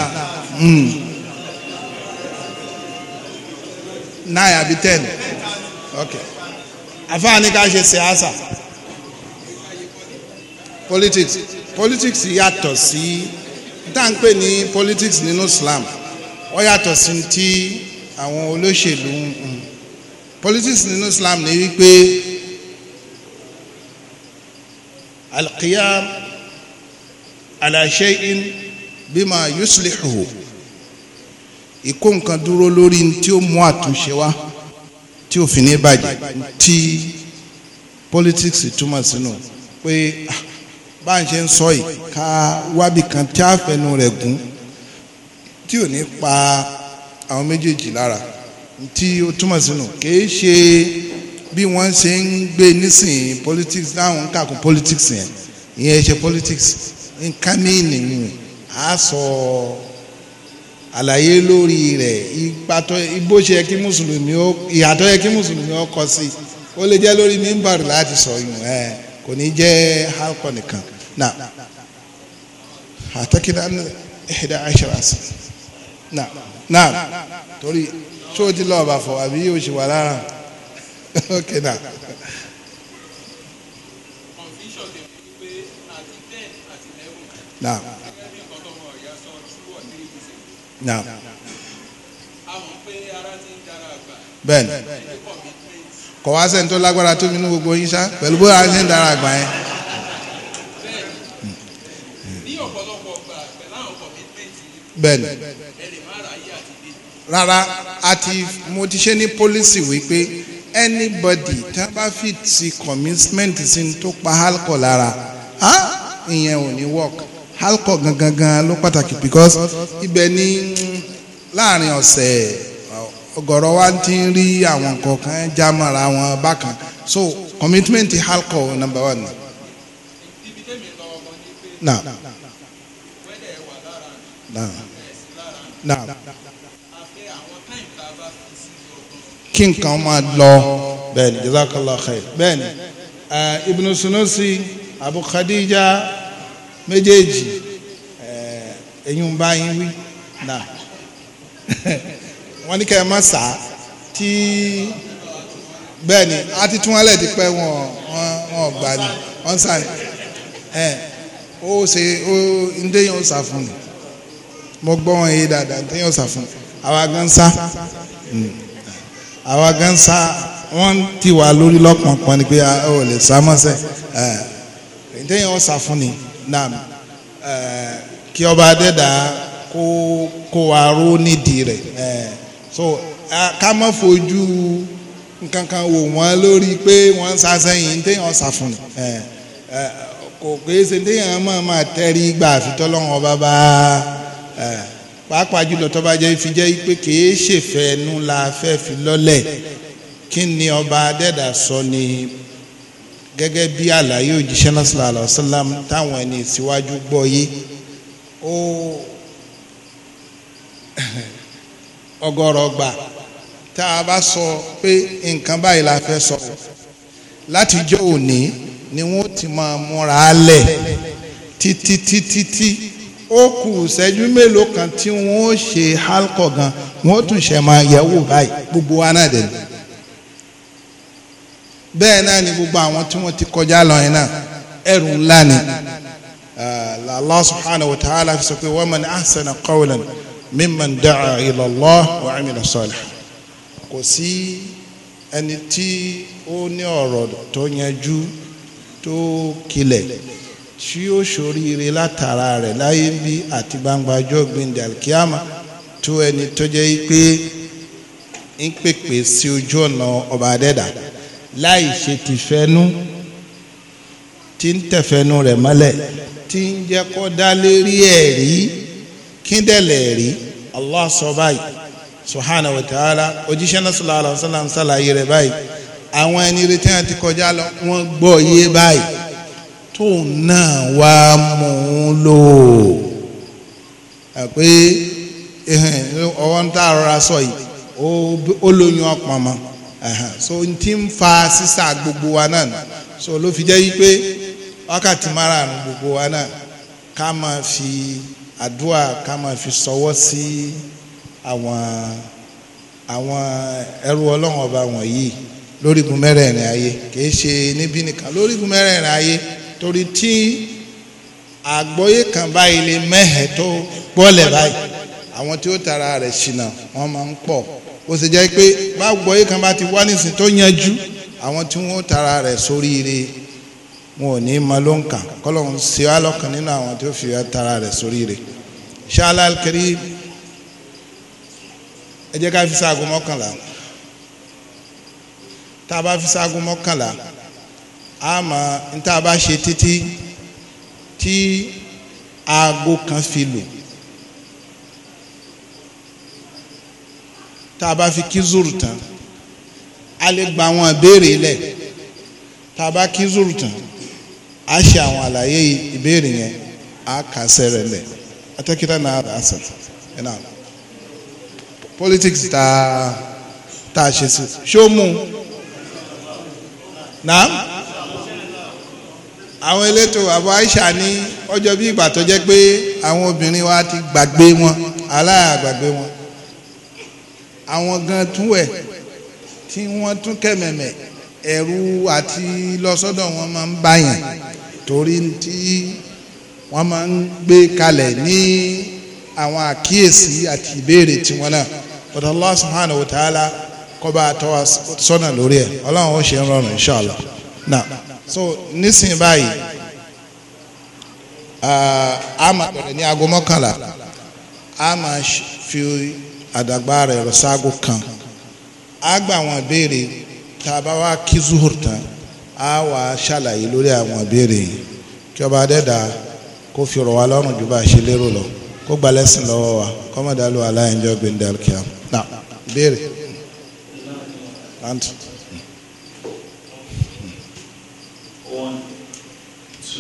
nine àbí ten ok àfáàní ká ṣe ṣèhásà politics politics yàtọ̀ sí tá à ń pè ní politics nínú Islam. No wọ́n yàtọ̀ sí ti àwọn olóṣèlú ń mm, mm. politics nínú Islam ní wípé alqiyam ala shay'in bima yuslihu ìkó nǹkan dúró lórí tí ó mú àtúnṣe wá tí ò fi ní bàjẹ́ tí politics túmọ̀ sínú pé ah, bá ń ṣe ń sọ yìí ká wábì tí a fẹnu rẹ̀ gùn tí ò ní pa àwọn méjèèjì lára tí ó túmọ̀ sínú kìí ṣe bí wọ́n ṣe ń gbé nísìnyí politics táwọn ń kàkún politics yẹn ìyẹn ṣe politics nǹkan míì nìyí á sọ àlàyé lórí rẹ̀ ìpàtọ́ igbó ṣe yẹ kí mùsùlùmí ó ìyàtọ̀ yẹ kí mùsùlùmí ó kọ sí ó lè jẹ́ lórí mímbàrú láti sọ yùn ẹ̀ kò ní jẹ́ halkọ nìkan náà àtẹ́kìdá ẹ̀ẹ́dá àṣírà sí na na torí tí o ti lọ ọba fọ àbí yóò ṣe wà lára ok na. na na bẹ́ẹ̀ni kọ wá sẹ́ni tó lágbára tó mi gbogbo yín sá pẹ̀lú bóyá a ṣe ń dára àgbà yẹn. bẹ́ẹ̀ni rárá àti mo ti ṣe ní pólísì wípé anybody tá a bá fi ti commitment sí ní tó pa alcohol lára ìyẹn ò ní work alcohol gangan gan ló pàtàkì because ibẹ̀ ni láàrin ọ̀sẹ̀ ọ̀gọ̀rọ̀ wa ti ń rí àwọn nǹkan já mọ́ra wọn bákan so commitment alcohol number one. now now now. kí nǹkan máa lọ bẹ́ẹ̀ni jazakallah khair bẹ́ẹ̀ni eh, ibn sunusi abu khadija méjèèjì ẹ̀yin eh, bá yín wí náà wọ́n ní kẹ́ ẹ má sá tí bẹ́ẹ̀ni a ti tún wálẹ̀ ti pẹ́ wọn wọn gbà ní wọn sá ní ẹ ó ṣe ó ndéyìn ó sá fún mi mo gbọ́ wọn yé dáadáa ndéyìn ó sá fún mi àwa gan sá. Hmm. àwa gan sa ti wà lórí lọ́pọ̀npọ̀n ni pé ó lè sá mọ́sẹ̀ ǹtẹ́yìn ọ̀sà fún ni naam kí ọba adẹ́dà kó kó wa ró nídìí rẹ̀ so ká má fojú nǹkan wò wọ́n lórí pé wọ́n sá sẹ́yìn ǹtẹ́yìn ọ̀sà fún ni kò pé ṣe ǹtẹ́yìn ọmọ máa tẹ́rí gbà bá pàápàá jùlọ tó bá jẹ́ fi jẹ́ pé kìí ṣèfẹ́ ẹnu la fẹ́ fi lọ́lẹ̀ kí ni ọba adẹ́dà sọ ni gẹ́gẹ́ bí àlàyé òjíṣẹ́ náà sallallahu alaihi táwọn ẹni síwájú gbọ́ yé ó ọgọ́rọ̀ gbà tá a bá sọ pé nǹkan báyìí la fẹ́ sọ látijọ́ òní ni wọ́n ti máa múra lẹ̀ títí títí títí ó kù ìṣẹ́jú mélòó kan tí wọ́n ṣe halkọ̀ gan wọ́n tún ṣe máa yẹ̀wò báyìí gbogbo wa náà dẹ̀ ni bẹ́ẹ̀ náà ni gbogbo àwọn tí wọ́n ti kọjá lọ yẹn náà ẹrù ńlá ni ah, Allah subhanahu wa ta'ala fi sọ pé wa man ahsana qawlan mimman da'a ila Allah wa amila salih kò sí ẹni tí ó ní ọ̀rọ̀ tó yanjú tó kilẹ̀ tí ó ṣoríire látara rẹ̀ láyé ń bí àti gbangbajọ́ gbìndé alkiyama tó ẹni tó jẹ́ pé ń pèpè sí ojú ọ̀nà ọba adẹ́dà láì ṣe tìfẹ́nú tí ń tẹ̀fẹ́nú rẹ̀ mọ́lẹ̀ tí ń jẹ́ kó dá lérí ẹ̀rí kíndẹ̀lẹ̀ ẹ̀rí Allah sọ báyìí subhanahu wa ta'ala òjíṣẹ́ náà sallallahu alaihi wasallam ṣàlàyé rẹ̀ báyìí àwọn ẹni retí àti kọjá lọ wọ́n gbọ́ yé báyìí tóun náà wá mú un lò ó pé ọwọ́ ń tà rọra sọ yìí ó lóyún ọpọn mọ́ so n ti ń fa sísà gbogbo wa náà so ló fi jẹ́ yí pé wákàtí márààrún gbogbo wa náà ká máa fi àdúrà ká máa fi sọwọ́ sí àwọn àwọn ẹrú ọlọ́run ọba wọ̀nyí lórígun mẹ́rẹ̀ẹ̀rin ayé kì í ṣe níbí nìkan lórígun mẹ́rẹ̀ẹ̀rin ayé torí tí àgbọ́yé kan báyìí lè mẹ́hẹ̀ tó gbọ́lẹ̀ báyìí àwọn tí ó tara rẹ̀ ṣìnà wọ́n máa ń pọ̀ ó sì jẹ́ pé bá àgbọ́yé kan bá ti wá nísìn tó yanjú àwọn tí wọ́n tara rẹ̀ sóríire wọn ò ní ma ló ń kà kọ́lọ́hún sí wa lọ́kàn nínú àwọn tí ó fi tara rẹ̀ sóríire ṣáálá kiri ẹ jẹ́ ká fi ṣaago mọ́kànlá tá a bá fi ṣaago mọ́kànlá ama máa ń tá a bá ṣe títí tí aago kan fi lò tá a bá fi kí zuru a lè gba àwọn ìbéèrè lẹ̀ tá a bá kí a ṣe àwọn àlàyé ìbéèrè yẹn a kà sẹ́rẹ̀ lẹ̀ atẹ́kítà náà rà sẹ̀ ẹ̀ politics ta ta ṣe sí mu mú un àwọn elétò àbọ̀ Aisha ní ọjọ́ bí ìgbà tó jẹ́ pé àwọn obìnrin wa ti gbàgbé wọn aláàgbàgbé wọn àwọn gan tún wẹ̀ tí wọ́n tún kẹ̀mẹ̀mẹ̀ ẹ̀rù àti lọ́sọ́dọ̀ wọn máa ń báyàn torí tí wọ́n máa ń gbé kalẹ̀ ní àwọn àkíyèsí àti ìbéèrè tiwọn náà but Allah subhanahu wa ta'ala kó bá tọ́ wa sọ́nà lórí ẹ̀ ọlọ́run ó ṣe ń rọrùn inshallah náà so nísìnyí báyìí uh, a máa bẹ̀rẹ̀ ní aago mọ́kànlá a máa fi àdàgbà rẹ̀ rọ̀ sáago kan a gba àwọn ìbéèrè tá a bá wá kí zuhur tán a wà ṣàlàyé lórí àwọn ìbéèrè yìí kí ọba adẹ́dà kó fi rọ̀ wá lọ́rùn ju bá a ṣe lérò lọ kó gba lẹ́sìn lọ́wọ́ wa kọ́mọ̀dálù aláìjọ́ gbẹ̀ndẹ̀ kíá. na ìbéèrè.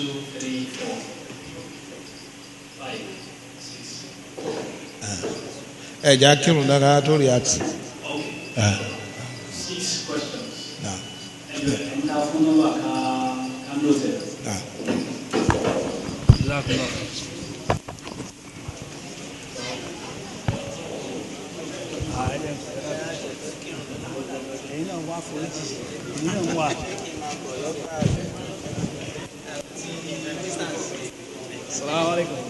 two, three, four, five, six. Eh, ẹ jẹ́ akírun dára tó rí àti. Eh. six questions. Ah. Assalamu alaikum.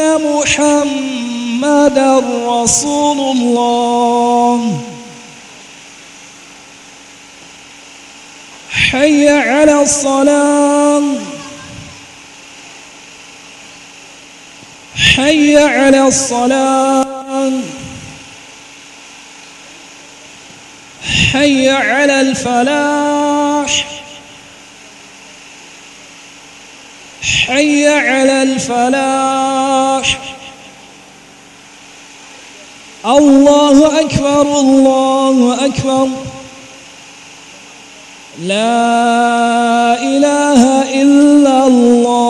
محمد رسول الله حي على الصلاة حي على الصلاة حي على الفلاح حي على الفلاح الله أكبر الله أكبر لا إله إلا الله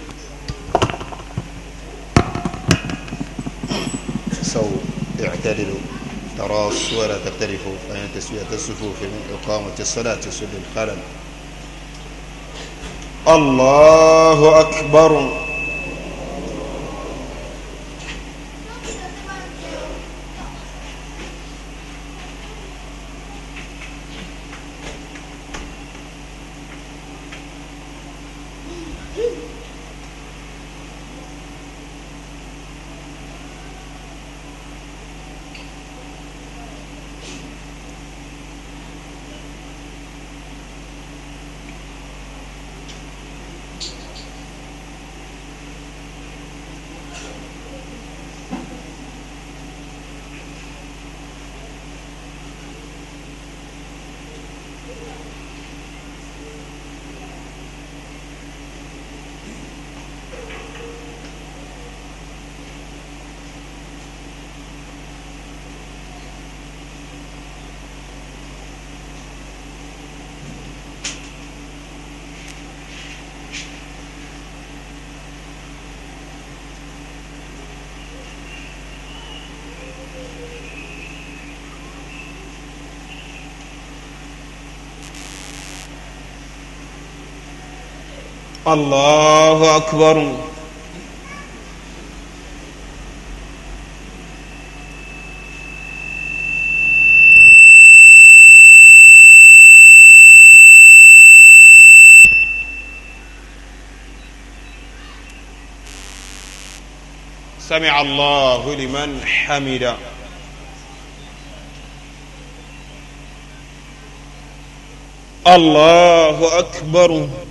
تعتدل ترى الصور تختلف فإن تسوية الصفوف من إقامة الصلاة يسد الخلل الله أكبر الله أكبر سمع الله لمن حمد الله أكبر الله أكبر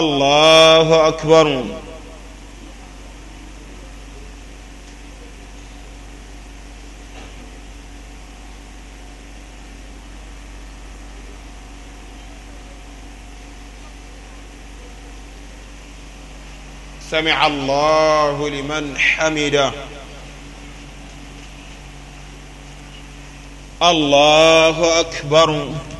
الله أكبر سمع الله لمن حمده الله أكبر الله أكبر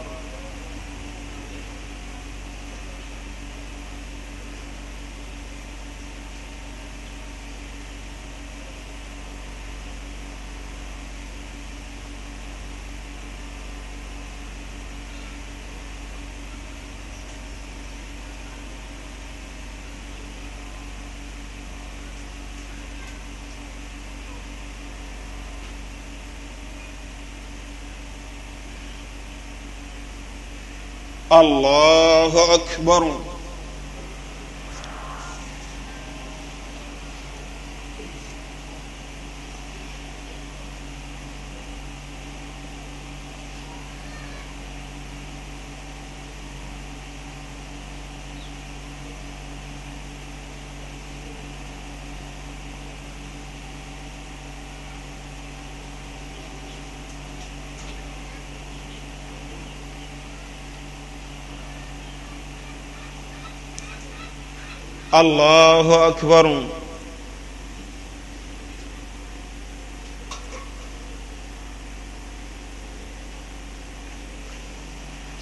الله أكبر الله أكبر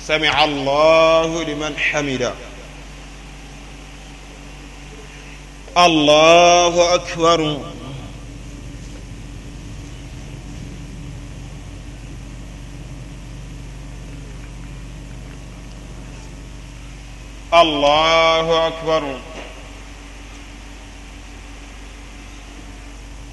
سمع الله لمن أكبر الله أكبر الله أكبر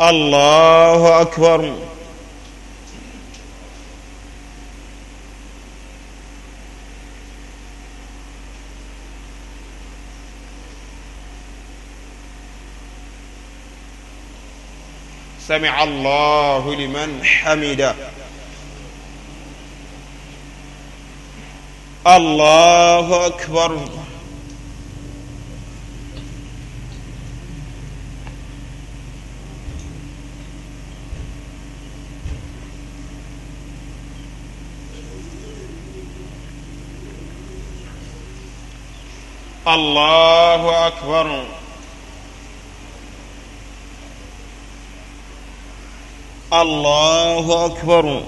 الله أكبر سمع الله لمن حمد الله أكبر الله أكبر الله اكبر الله اكبر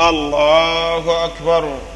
الله اكبر, الله أكبر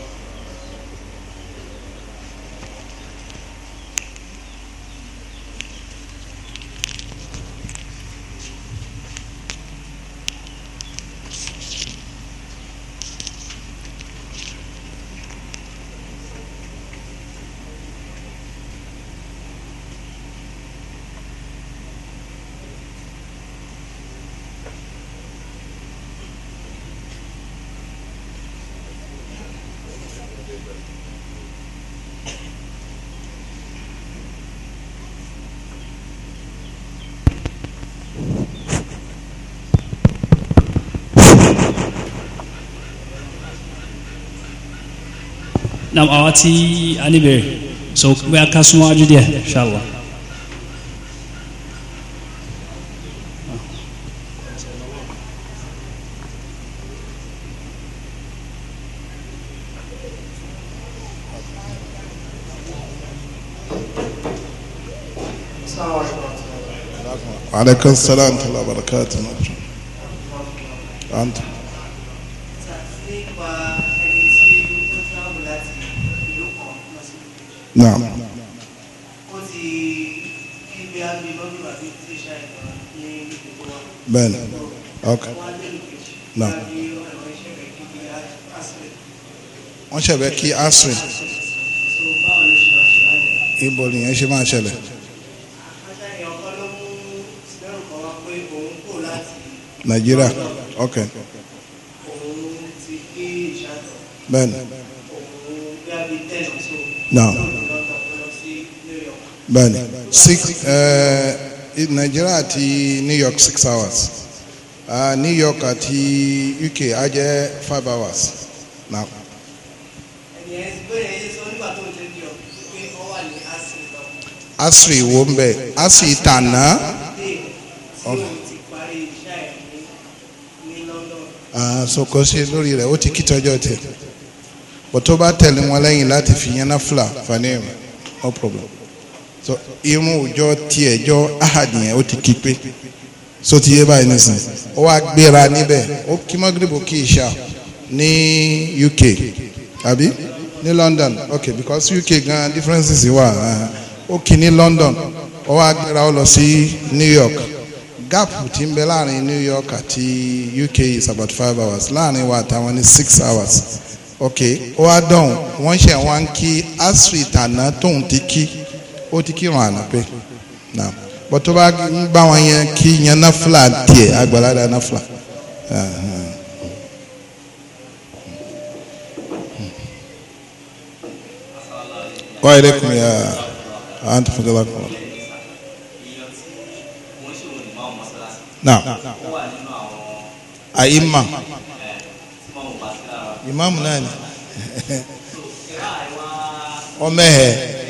nam awati anibe so bóyá ká súnmọ́ wájú díẹ̀ inshallah. وعليكم السلام ورحمة الله وبركاته أنتم náà. bẹ́ẹ̀ni ok náà wọ́n ṣẹ̀bẹ̀ kí asrin ibo nìyẹn ṣe máa ṣẹlẹ̀. nàìjíríà ok. bẹ́ẹ̀ni. náà bẹ́ẹ̀ni six uh, Nigeria àti New York six hours uh, New York àti UK á five hours now. E, asiri wo ń bẹ asiri tànà. àsokò ṣe lórí rẹ̀ ó ti kí tọ́jọ́ tẹ̀ bó tó bá tẹ̀lé wọn lẹ́yìn láti fi yẹn náà fìlà fanéèmù no problem so irun òjọ tiẹ̀ jọ ahadi yẹn ó ti kí pé so ti yé báyìí nísìn ó wá gbéra níbẹ̀ ó kí mọ́gìrìbù kí ìṣà ní UK àbí ní London ok because UK gan differences wà ó kí ní London ó wá gbéra ó lọ sí New York gap ti ń bẹ láàrin New York àti UK is about five hours láàrin wa àtàwọn ní six hours ok ó wá dọ̀hún wọ́n ṣe wọ́n ń kí asri tànà tóun ti kí ó ti kírun àná pé nà bọ́tò bá ń bá wọn yẹn kí yẹn náfìlà tiẹ̀ àgbàládà náfìlà. wa alaikum ya anti fadala kọ. na a ima imaamu naani ọmẹ hẹ.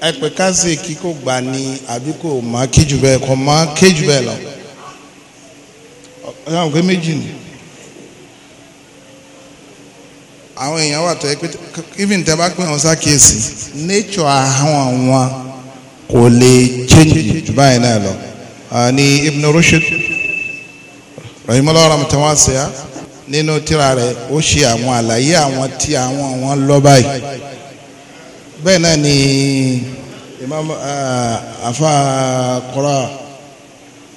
ẹpẹ kásì kíkó gbà ní àdúgbò má kéjù bẹ́ẹ̀ kọ́ má kéjù bẹ́ẹ̀ lọ ọ̀yà òkè méjì ni àwọn èèyàn wà tó ẹ pé even tẹ bá pè wọn ṣàkíyèsí nature àwọn àwọn kò lè change jù báyìí náà lọ ní Ibn Rushd rahimahullah rahmatan wasi'a nínú tírà rẹ̀ ó ṣe àwọn àlàyé àwọn tí àwọn wọn lọ báyìí bẹ́ẹ̀ náà ni imam afa kora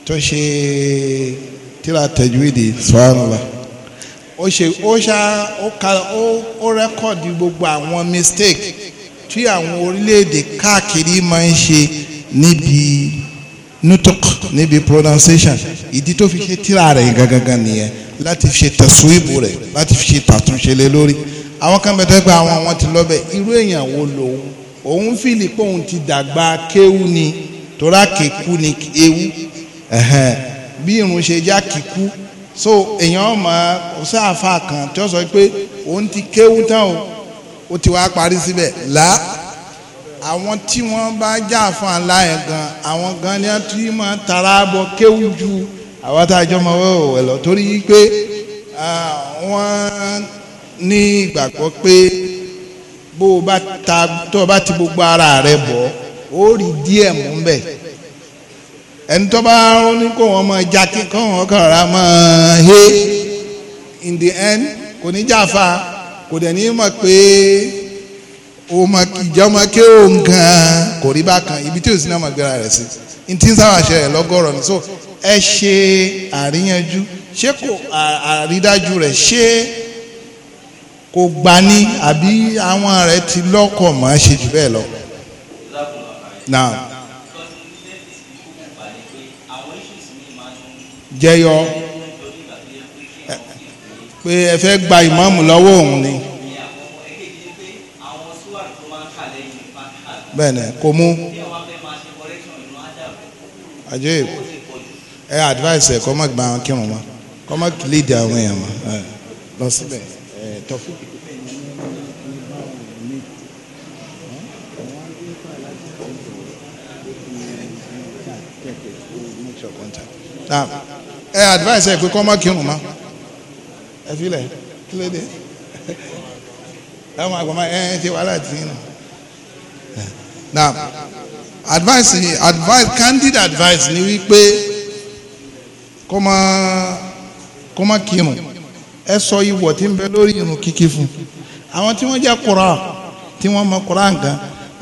tó ṣe tíra tajwidi subhanallah ó ṣe ó ṣá ó ka ó ó rẹ́kọ̀dì gbogbo àwọn mistake tí àwọn orílẹ̀-èdè káàkiri máa ń ṣe níbi nutuk níbi pronunciation ìdí tó fi ṣe tíra rẹ̀ gangan nìyẹn láti fi ṣe tẹ̀síwìbù rẹ̀ láti fi ṣe tàtúnṣe lé lórí àwọn kan bẹ tẹ́gbà àwọn àwọn ti lọ́bẹ̀ irú èèyàn wo lòun òun fìlì pé òun ti dàgbà kéwú ni torá kéku ni ewu bí irun ṣe já kíkú so èèyàn mọ ọsàáfà kan tí ó sọ pé òun ti kéwú tán o ó ti wá parí síbẹ̀ là àwọn tí wọ́n bá já fún aláyẹ̀ gan àwọn gan ni wọ́n ti máa tara bọ̀ kéwú ju àwọn tá a jọ mọ̀ wẹ́wẹ́ lọ torí pé wọ́n ní ìgbàgbọ́ pé bó o bá ta tó o bá ti gbogbo ara rẹ bọ̀ ó rí díẹ̀ mú bẹ̀ ẹni tó bá ní kó wọn máa já kí kó wọn kàn rà máa he in the end kò ní jáfa kò dẹ̀ ní mọ̀ pé ọmọ ìjọmọ kí òun gan kò rí bákan ibi tí ò sí náà máa gbéra rẹ̀ sí n tí ń sábà ṣẹlẹ̀ lọ́gọ́rọ̀ ni so ẹ ṣe àríyànjú ṣé kò àrídájú rẹ̀ ṣé kò gbà ní àbí àwọn rẹ̀ ti lọ́kọ̀ mọ́ ṣe jù bẹ́ẹ̀ lọ. now jẹyọ pé ẹ fẹ́ gba ìmáàmù lọ́wọ́ òun ni. bẹ́ẹ̀ kò mú àjẹ́ ẹ advice ẹ kọ́ mọ́ gba àwọn kírun mọ́ kọ́ mọ́ lead àwọn èèyàn mọ́ lọ síbẹ̀ ẹ̀tọ́ fún advice ẹ pé kọ́ má kírun ma ẹ fi lẹ̀ kí ló dé ẹ máa gbọ́n ma ẹ ti wàhálà tì í nù now advice ni advice candid advice ni wípé kọ́ má kọ́ má kírun ẹ sọ ìwọ̀ tí ń bẹ lórí irun kíkí fún àwọn tí wọ́n jẹ́ kura tí wọ́n mọ kura nǹkan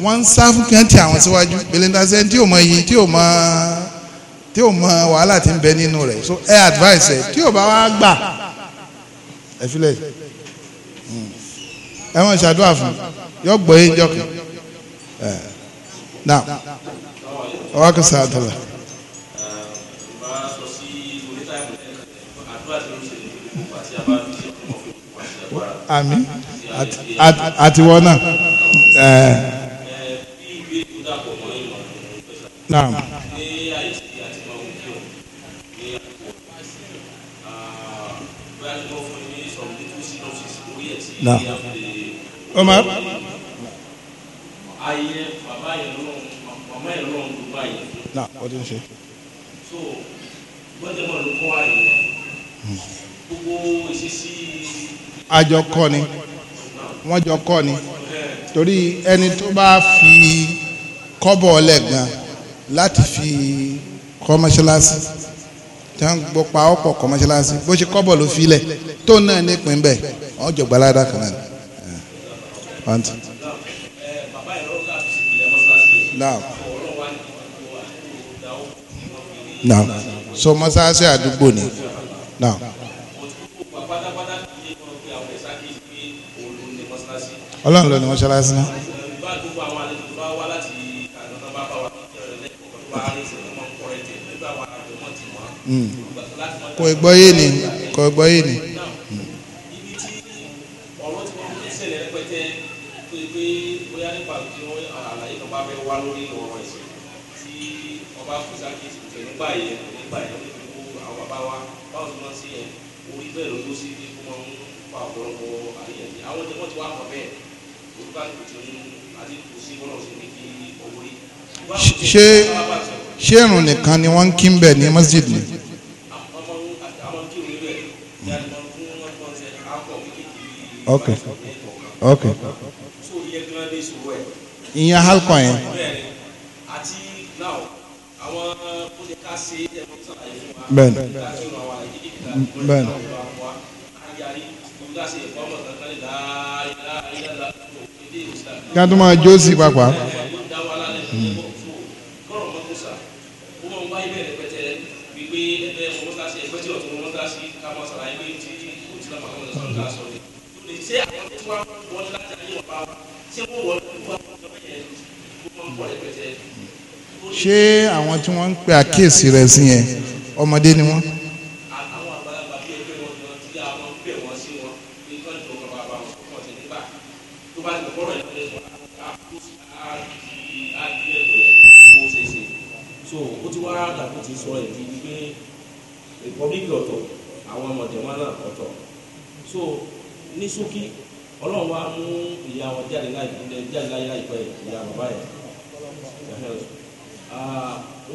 wọ́n ń sá fún kẹ́ntì àwọn síwájú gbẹlẹ́ndàṣẹ́ tí ò mọ iye tí ò mọ tí ò mọ wàhálà tí ń bẹ nínú rẹ̀ so ẹ advice ẹ tí ò bá wá gbà ẹ filẹ̀ ẹ wọ́n ṣàdúrà fún yọ gbọ́ yín jọ́kẹ́ ẹ náà ọwọ́ kò sáà àmì àtiwọ́ náà. Eh. Naam. Naam. Omar. Ayé bàbá yẹn lọ́wọ́ o ti ń ṣe. gbọ́dọ̀ mọ̀ ló kọ́ àyè. Hmm. Gbogbo ìṣesí àjọ kọ́ ni wọ́n jọ kọ́ ni torí ẹni tó bá fi kọ́bọ̀ ọlẹ́gàn láti fi kọ́ mọ́ṣáláṣí tí wọ́n gbọ́ pa ọ̀pọ̀ kọ́ mọ́ṣáláṣí bó ṣe kọ́bọ̀ ló fi lẹ̀ tó náà ní ìpín bẹ́ẹ̀ wọ́n jọ gbalada kan náà. Now. Now. So mọ́ṣáláṣí àdúgbò ni. Now. Now. ọlọ́run ló ní mọ́ṣáláṣí náà. Hmm. kò gbọ́ yé ni kò gbọ́ yé ni. bẹ́ẹ̀ ló tó sí ní ti wá mọ̀ bẹ́ẹ̀ ṣé ṣé irun nìkan ni wọ́n ń kí ń bẹ̀ ní masjid ni. ok ok ìyẹn halkọ yẹn. bẹ́ẹ̀ni bẹ́ẹ̀ni kí wọ́n tún máa jó sí pàápàá. ṣé àwọn tí wọ́n ń pe àkíyèsí rẹ̀ sí yẹn ọmọdé ni wọ́n. wá àgbàkú ti sọ èdè wípé rìpọ́bíkì ọ̀tọ̀ àwọn ọmọdéwọ́n náà ọ̀tọ̀ so ní ṣókí ọlọ́run wa mú ìyá wọn jáde láìpẹ́ jáde láyé láìpẹ́ ìyá bàbá yẹn ó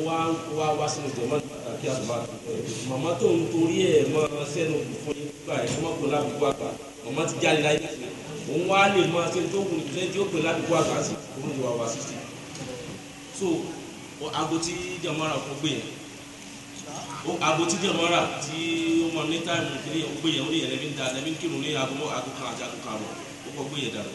wá wá wá sínú jẹ̀mọ́ kí a tó máa màmá tó ń torí ẹ̀ máa sẹ́nu fún yín gbà ẹ̀ tó máa pè lábùkù àgbà màmá ti jáde láyé òun wá lè máa ṣe tó wù ní tí ó pè lábùkù àgbà sí òun ti wá sí sí so aago tí jamara kò gbé yẹn aago tí jamara tí ó mọ ní táìmù kiri yẹn o gbé yẹn ó ní yẹn lẹ́bí ń da lẹ́bí ń kírun ní aago mọ́ aago kan àti aago kan àbọ̀ o kọ́ gbé yẹn dànù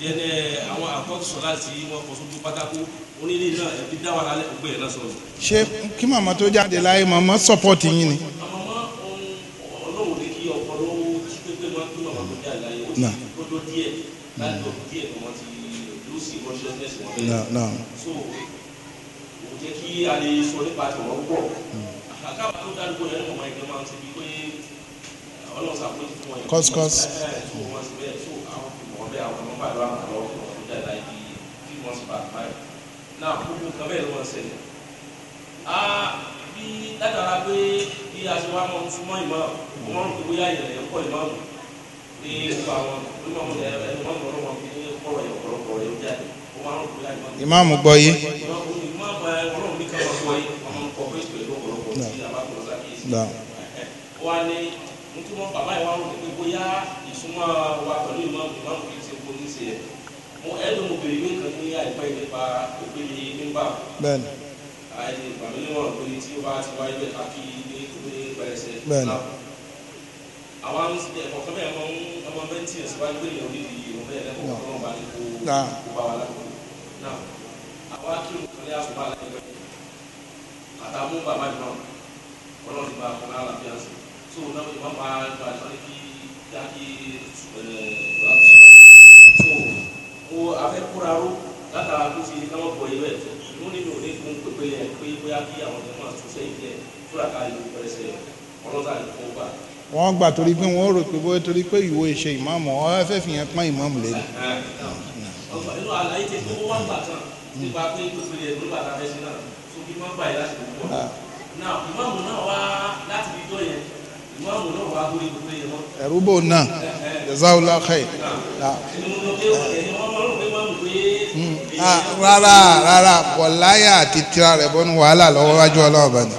dẹ́nẹ́ eh, àwọn àkọ́tù sọ̀lá tí wọ́n kọ́ sójú pátákó onílé náà ẹ̀bí dá wà lálẹ́ ògbé yẹn náà sọ̀rọ̀. ṣé kí màmá tó jáde láyé màmá sọ́pọ̀tì yín ni. màmá ọlọ́run lè kí ọkọ lọ́wọ́ kí pépé máa kí màmá tó jáde láyé ó ti kó tó díẹ̀ láti ọdún díẹ̀ kọ́mọ́tì jẹ́ kí a lè sọ nípa tìwọ́n pọ̀ àkàbà tó dárúkọ yẹn lọ́mọ ẹgbẹ́ máa ń ṣe pé eh, ọlọ́run ṣàkóso fún wọn. kọ́sikọ́s. Eh, eh, náà gbogbo nǹkan bẹ́ẹ̀ ló wọ́n ọmọ rò àwọn ọmọ ẹ̀rọ ẹ̀rọ ọmọ ọmọ ọmọ ọmọ ọmọ ọmọ ọmọ ọmọ ọmọ ọmọ ọmọ ọmọ ọmọ ọmọ ọmọ ọmọ má ba ọlọ́run ní káwọn fọ yìí àwọn ọkọ̀ fún ìpè lọ́pọ̀lọpọ̀ tí a bá kọ̀ sàkíyèsí. wa ni n tí wọ́n bàbá yìí wá rò pé bóyá ìsúnmọ́ wa pẹ̀lú ìmáàmù ìmáàmù kì í ṣe kó ní ṣe ẹ̀ mo ẹ̀dùn mo bèrè yóò kàn ní àìpẹ́ nípa ìpele nígbà. bẹ́ẹ̀ni. àìní ìgbàmílíwọ̀n ìpele tí ó bá ti wáyé bẹ́ẹ̀ káfí ní ìpele pẹ̀lẹ́sẹ̀. bẹ́ẹ̀ni. àwa ń ṣe ẹ̀kọ́ fẹ́ bẹ́ẹ̀ ọmọ bẹ́ẹ̀ tí ò àwa kí n kò ní àsùnmọ́ àlẹ́ ìwé àtàwọn ohun bàbá ìmọ̀ ọlọ́run bá kọ́ náà lábẹ́ àṣẹ tó o náà ìmọ̀ máa ń gba àṣọ níbi dákì ìwà tó sọ. tó o afẹ́ kóra ró látara kó fi káwọn bọ̀ ìwé ìmú nínú òní kún pépé yẹn pé bóyá kí àwọn ọmọ àtúnṣe ìjẹ fúlàkà ìlú pẹ̀lẹ́sẹ̀ ọlọ́tà ìfọ̀ gbà wọ́n gbà torí pé wọ́n rò pé bóyá torí pé ìwọ ìṣe ìmáàmù ọ́ fẹ́ fi yẹn pọ́n ìmáàmù lẹ́nu. ọ̀gbà inú àlàyé ti gbogbo wá gbà tán nípa pé òpin ẹ̀ ló bàtà fẹ́ sí náà so kí wọ́n gbà yìí láti púpọ̀ ah. náà ìmáàmù náà wá láti fi jọ yẹn ìmáàmù náà wá lórí òpin yẹn mọ́. ẹ̀rú bò náà eh, eh. jazaula khair. Ah. Ah. Hmm. rárá rárá bọ̀láyà àti tira rẹ̀ bọ́nu wàhálà lọ́wọ́ wájú ọlọ́run bá ní.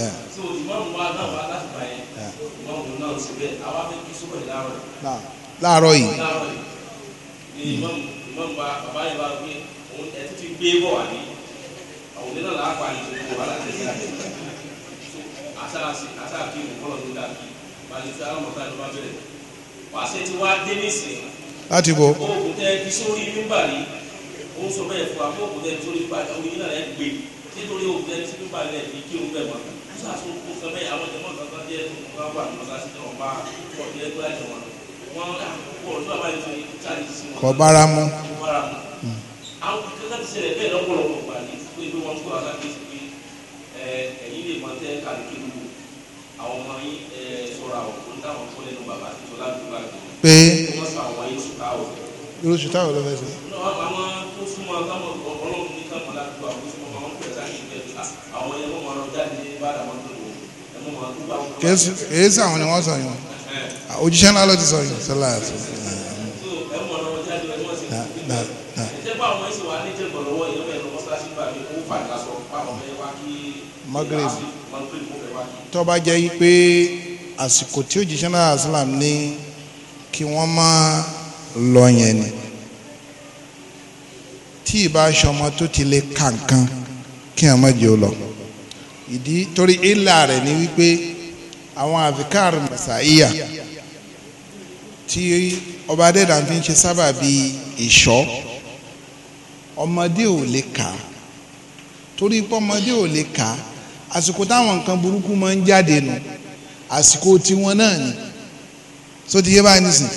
Eh. so ìmáàmù wa náà wá láti bá yẹn ìmáàmù náà síbẹ̀ àwa fẹ́ kí sóbẹ̀ láàárọ̀ yìí. láàárọ̀ yìí. Denise. Ati gbé bọ̀ wá ní àwọn òní náà lápá ní gbogbo wà láti ṣe àti àtàlàsì àtàkì ìmọ̀kọ́lọ̀ tó dà kí balùwẹ̀ àwọn ọ̀tá ìjọba bẹ̀rẹ̀ pàṣẹ tí wàá dé nísìn. láti bọ̀. oògùn tẹ fi sórí mímbà rí ó ń sọ bẹ́ẹ̀ fún wa oògùn tẹ fi sórí mímbà rí àwọn yìí náà ẹ̀ gbé nítorí oògùn tẹ fi sórí mímbà rí ẹ̀ fi kí òun bẹ̀ wá sàtò kó fẹ́ bẹ́ẹ̀ àwọn jẹmọ́ kankan jẹ́ wọn wà ní ọ̀sán títí wọn bá pọ̀ jẹ́ gbájú wọn wọn àkókò ọdún àbáyé tó ní káàdì sí wọn. kò bára mu. kò bára mu àwọn kankan ti ṣẹlẹ̀ bẹ́ẹ̀ lọ́pọ̀lọpọ̀ gbà ní pé pé wọ́n kó aláǹdé sí pé ẹ̀yin lè mọ tẹ́ kàlùkìlù àwọn ọmọ yín sọ̀rọ̀ àwọn tó ń dáhùn fún lẹ́nu bàbá tó ládùúgbà tó wọ́n sọ àwọn yín sùtá ò. irú sùtá ò ló fẹ́ sọ. àwọn tó súnmọ́ táwọn ọlọ́run ní káwọn ládùúgbà tó súnmọ́ wọn pẹ̀lú àwọn ẹ̀mọ́ wọn lọ jáde bá àwọn tó lò ẹ̀mọ́ wọn tó bá wọn. kèé sí àwọn ni wọ́n sọ yẹn òjíṣẹ́ ńlá ló ti sọ yẹn sọlá àti nígbà wọn sì wà ní jẹ̀gbọ̀n lọ́wọ́ yẹn bẹ́ẹ̀ lọ́wọ́ sáà sí gbà mí kó fà lásọ báwọn fẹ́ wá kí magreth tó bá jẹ́ pé àsìkò tí òjíṣẹ́ náà islam ní kí wọ́n má lọ yẹn ni tí ì bá aṣọ ọmọ tó ti lè ka nǹkan kí ọmọ jẹ́ ó lọ ìdí torí ìlà rẹ̀ ni wípé àwọn àfikàr mẹsàáyà tí ọba adẹ́dàá fi ń ṣe sábà bíi ìṣọ́ ọmọdé ò lè kà á torí pé ọmọdé ò lè kà á àsìkò táwọn nǹkan burúkú máa ń jáde nù àsìkò tiwọn náà ni so ti yé báyìí nísìn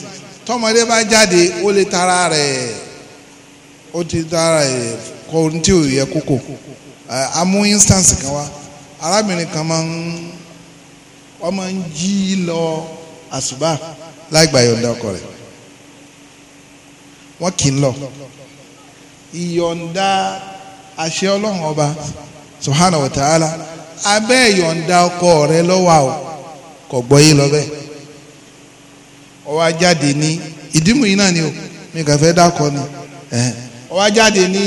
tọmọdé bá jáde ó lè tara rẹ̀ ó ti tara rẹ̀ kọ tí ò yẹ kókò amú instance kan wá arábìnrin kan máa ń wọ́n máa ń jí lọ àsùbà láì gbà yọ̀ǹda ọkọ rẹ̀ wọ́n kì í lọ ìyọ̀ǹda àṣẹ ọlọ́run ọba subhanahu wa ta'ala abẹ́ ìyọ̀ǹda ọkọ rẹ lọ́wọ́ àwọ̀ kò gbọ́ yín lọ́bẹ̀ ọwọ́ ajáde ní ìdímù yìí náà ni o mi kàn fẹ́ dákọ ni ọwọ́ ajáde ní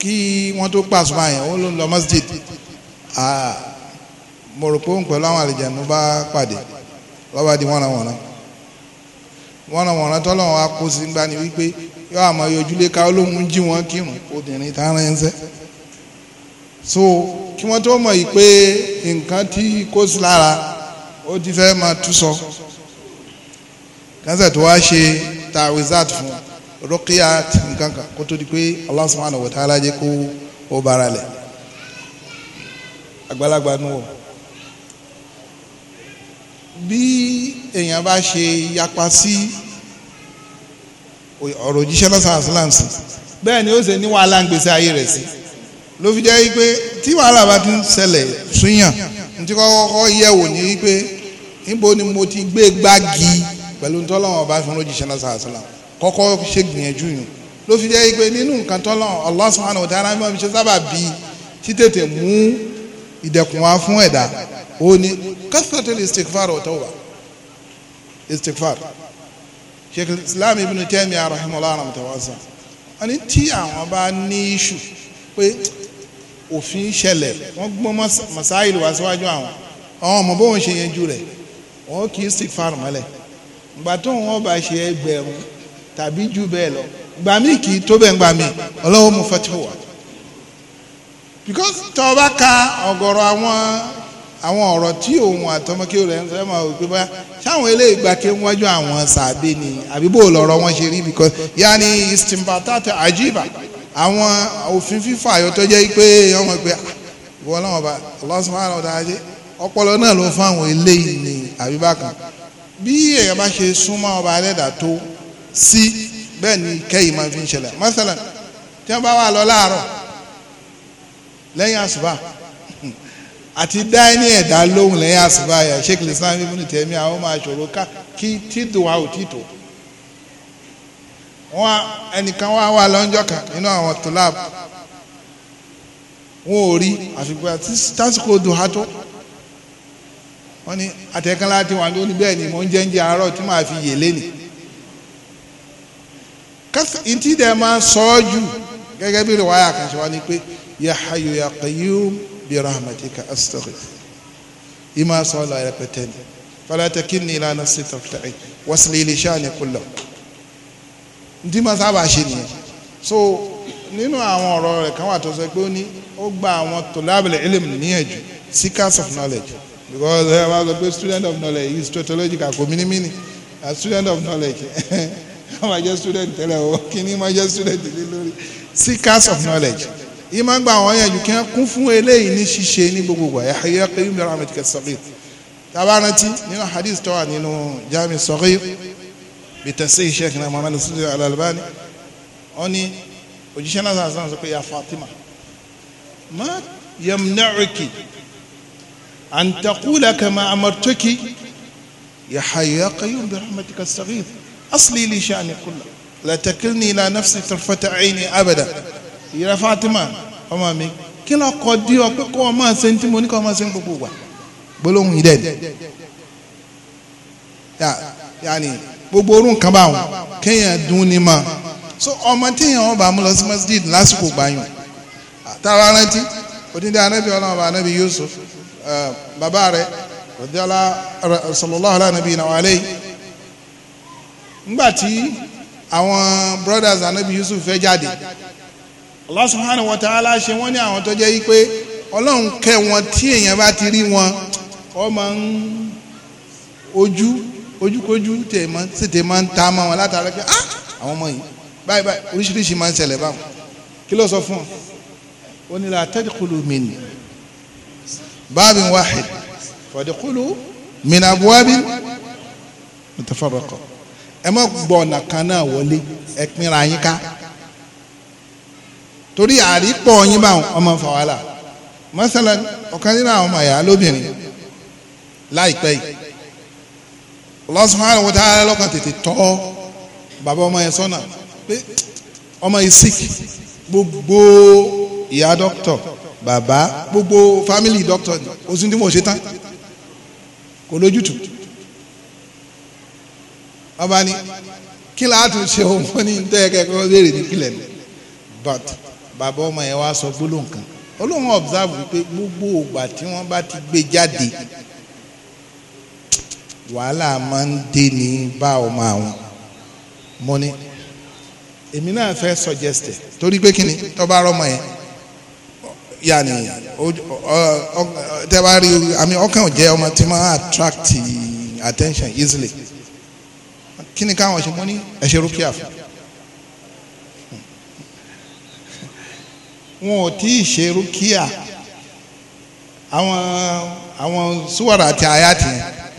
kí wọ́n tó pàṣẹ báyìí òun ló ń lọ masjid mo rò pé òun pẹ̀lú àwọn àlejò àná bá pàdé lọ́wọ́ di wọ́nà wọ́nà wọ́n ràn wọ́n rán tọ́lọ́ sí gba ni wípé yọ àmọ́ yọjúlé ká olóhùn jí wọn kírun obìnrin tá rán ẹnsẹ́ so kí wọ́n tó mọ̀ yìí pé nǹkan tí kò sí lára ó ti fẹ́ máa tú sọ kánsẹ̀ tó wá ṣe tawizat fún rọ́kíyà nǹkan kan kó tó di pé Allah subhanahu wa ta'ala jẹ́ kó ó bára lẹ̀ àgbàlagbà nù wọ̀ bí èèyàn bá ṣe yapa sí ọ̀rọ̀ òjíṣẹ́ lọ́sàn àṣìláǹsì bẹ́ẹ̀ ni ó ṣe ní wàhálà ń gbèsè ayé rẹ̀ sí ló fi jẹ́ wípé tí wàhálà bá ti ń ṣẹlẹ̀ súnyàn ní kọ́kọ́ yẹ̀wò ní wípé níbo ni mo ti gbé gbági pẹ̀lú tọ́lọ́wọ́n bá fi rójíṣẹ́ lọ́sàn àṣìláǹsì kọ́kọ́ ṣe gbìyànjú yìí ló fi jẹ́ pé nínú nǹkan tọ́lọ́run Allah subhanahu wa ta'ala máa fi ṣe sábà bí títètè mú ó ní kathratul istighfar wa tawba istighfar sheikh islam ibn taymiya rahimahullah mutawasa ani tí àwọn bá ní iṣu pé òfin ṣẹlẹ̀ wọ́n gbọ́n masáìlì wá síwájú àwọn ọmọ bóun wọn bá ṣe ẹgbẹ̀rún because àwọn ọ̀rọ̀ tí òun àtọmọkéwò rẹ̀ ń sọ ma òpin bá sáwọn eléyìí gba kí wọ́njú àwọn sàbẹ̀ ni àbí bó lọ̀rọ̀ wọn ṣe rí bìkọ́ yanni istimbatata ajiba àwọn òfin fífa àyọ̀tọ́ jẹ́ pé ọmọ pé ah, ìwọ náà bá ọlọ́sùn máa lọ dáa ọpọlọ náà ló fáwọn eléyìí ni àbí bákan bí èèyàn bá ṣe súnmọ́ ọba alẹ́dà tó sí bẹ́ẹ̀ ni kẹ́yìn máa fi ń ṣẹlẹ̀ mọ́sálẹ̀ tí wọ́n bá wà lọ láàárọ̀ lẹ́yìn àṣùbà àti dá ẹni ẹ̀dá lóhùn lẹ́yìn àsìbáyà sheikh islam ibn tẹ̀mí àwọn máa ṣòro ká kí títò wa ò títò wọn ẹnìkan wá wà lọ́njọ́ kan nínú àwọn tòláàbù wọn ò rí àfikún àti tásìkò dùhà tó wọn ni àtẹ̀kán láti wà lónìí bẹ́ẹ̀ ni mò ń jẹ́ńjẹ́ àárọ̀ tí màá fi yèlé ni ntí dẹ̀ máa sọ ọ́ jù gẹ́gẹ́ bí rẹ̀ wáyà kan ṣe ni pé ya hayyu bi rahmatika astaghfir ima sọọla rẹpẹtẹni fala takilni ila nafsi tarta'i wasli li sha'ni kullahu ntí ma sábà ṣe nìyẹn so nínú àwọn ọ̀rọ̀ rẹ̀ kan wà tó sọ pé ó ní ó gba àwọn tòlábìlì ilm níyànjú seekers of knowledge because ẹ wá sọ pé student of knowledge is tautological kò mí ní student of knowledge ẹ máa jẹ́ student tẹ́lẹ̀ o kí ni máa student lé lórí seekers of knowledge. yìí máa ń gba àwọn yẹn jù kí wọ́n kún fún eléyìí ní ṣíṣe ní gbogbogbò Yahya Qayyum rahmatika as-saghir tabaranti nínú hadith tó wà nínú Jami as-Saghir bitasi sheikh na Muhammad Nasir al-Albani wọ́n ní òjíṣẹ́ náà sàn sàn sọ pé ya Fatima ma yamna'uki an taqula kama amartuki Yahya Qayyum rahmatika as-saghir asli li sha'ni kullahu la takilni ila nafsi tarfata 'ayni abada. ìrẹ Fatima ọmọ mi kí lọ kọ dí ọ pé kó o máa ṣe tí mo ní kó o máa ṣe ń gbogbo wa gbólóhùn yìí dẹ̀ yà yàní gbogbo orú nǹkan báwọn kéèyàn dún ní ma so ọmọ téèyàn ọba mú lọ sí masjid lásìkò gbàyàn tààrà rántí odindi anabi ọlọmọba anabi Yusuf bàbá rẹ̀ rọdíọlá sallallahu alaihi nàbí ìnáwó alẹ́ àwọn brothers anabi Yusuf fẹ́ jáde Allah subhanahu wa ta'ala ṣe wọ́n ní àwọn tó jẹ́ yí pé ọlọ́run kẹ́ wọn tí èèyàn bá ti rí wọn ọ máa ń ojú ojúkojú tètè máa ń ta máa wọn látara pé ah àwọn ọmọ yìí báyìí báyìí oríṣiríṣi máa ń ṣẹlẹ̀ báwọn kí ló sọ fún ọ ó ní la tadkhulu min babin wahid fadkhulu min abwabin mutafarraqa ẹ má gbọ́ ọ̀nà kan náà wọlé ẹ yín ká torí àrípọ̀ yín báwọn ọmọ fà wàhálà mọ́sálà ọ̀kan nínú àwọn ọmọ ẹ̀yà lóbìnrin láìpẹ́ yìí Allah subhanahu wa lọ́kàn tètè tọ́ bàbá ọmọ yẹn sọ́nà pé ọmọ yìí sick gbogbo ìyá dọ́kítọ̀ bàbá gbogbo fámìlì dọ́kítọ̀ oṣù tí mo ṣe tán kò lójútùú ọba ni kí láàtúnṣe òun ní tẹ́ kẹ́kọ̀ọ́ béèrè ní kílẹ̀ but bàbá ọmọ yẹn wá sọ gbólóhùn kan olóhùn observe wípé gbogbo ìgbà tí wọ́n bá ti gbé jáde wàhálà máa ń dé ní bá ọmọ àwọn mo ní èmi náà fẹ́ suggest torí pé kíni tọ́ba rọmọ yẹn yàní tẹ́ rí àmì ọkàn jẹ́ ọmọ tí máa attract attention easily kíni káwọn ṣe mo ní ẹ ṣe rúkìá fún un. wọn ò tí ì ṣe rúkìá àwọn àwọn súwàrà àti àyàtì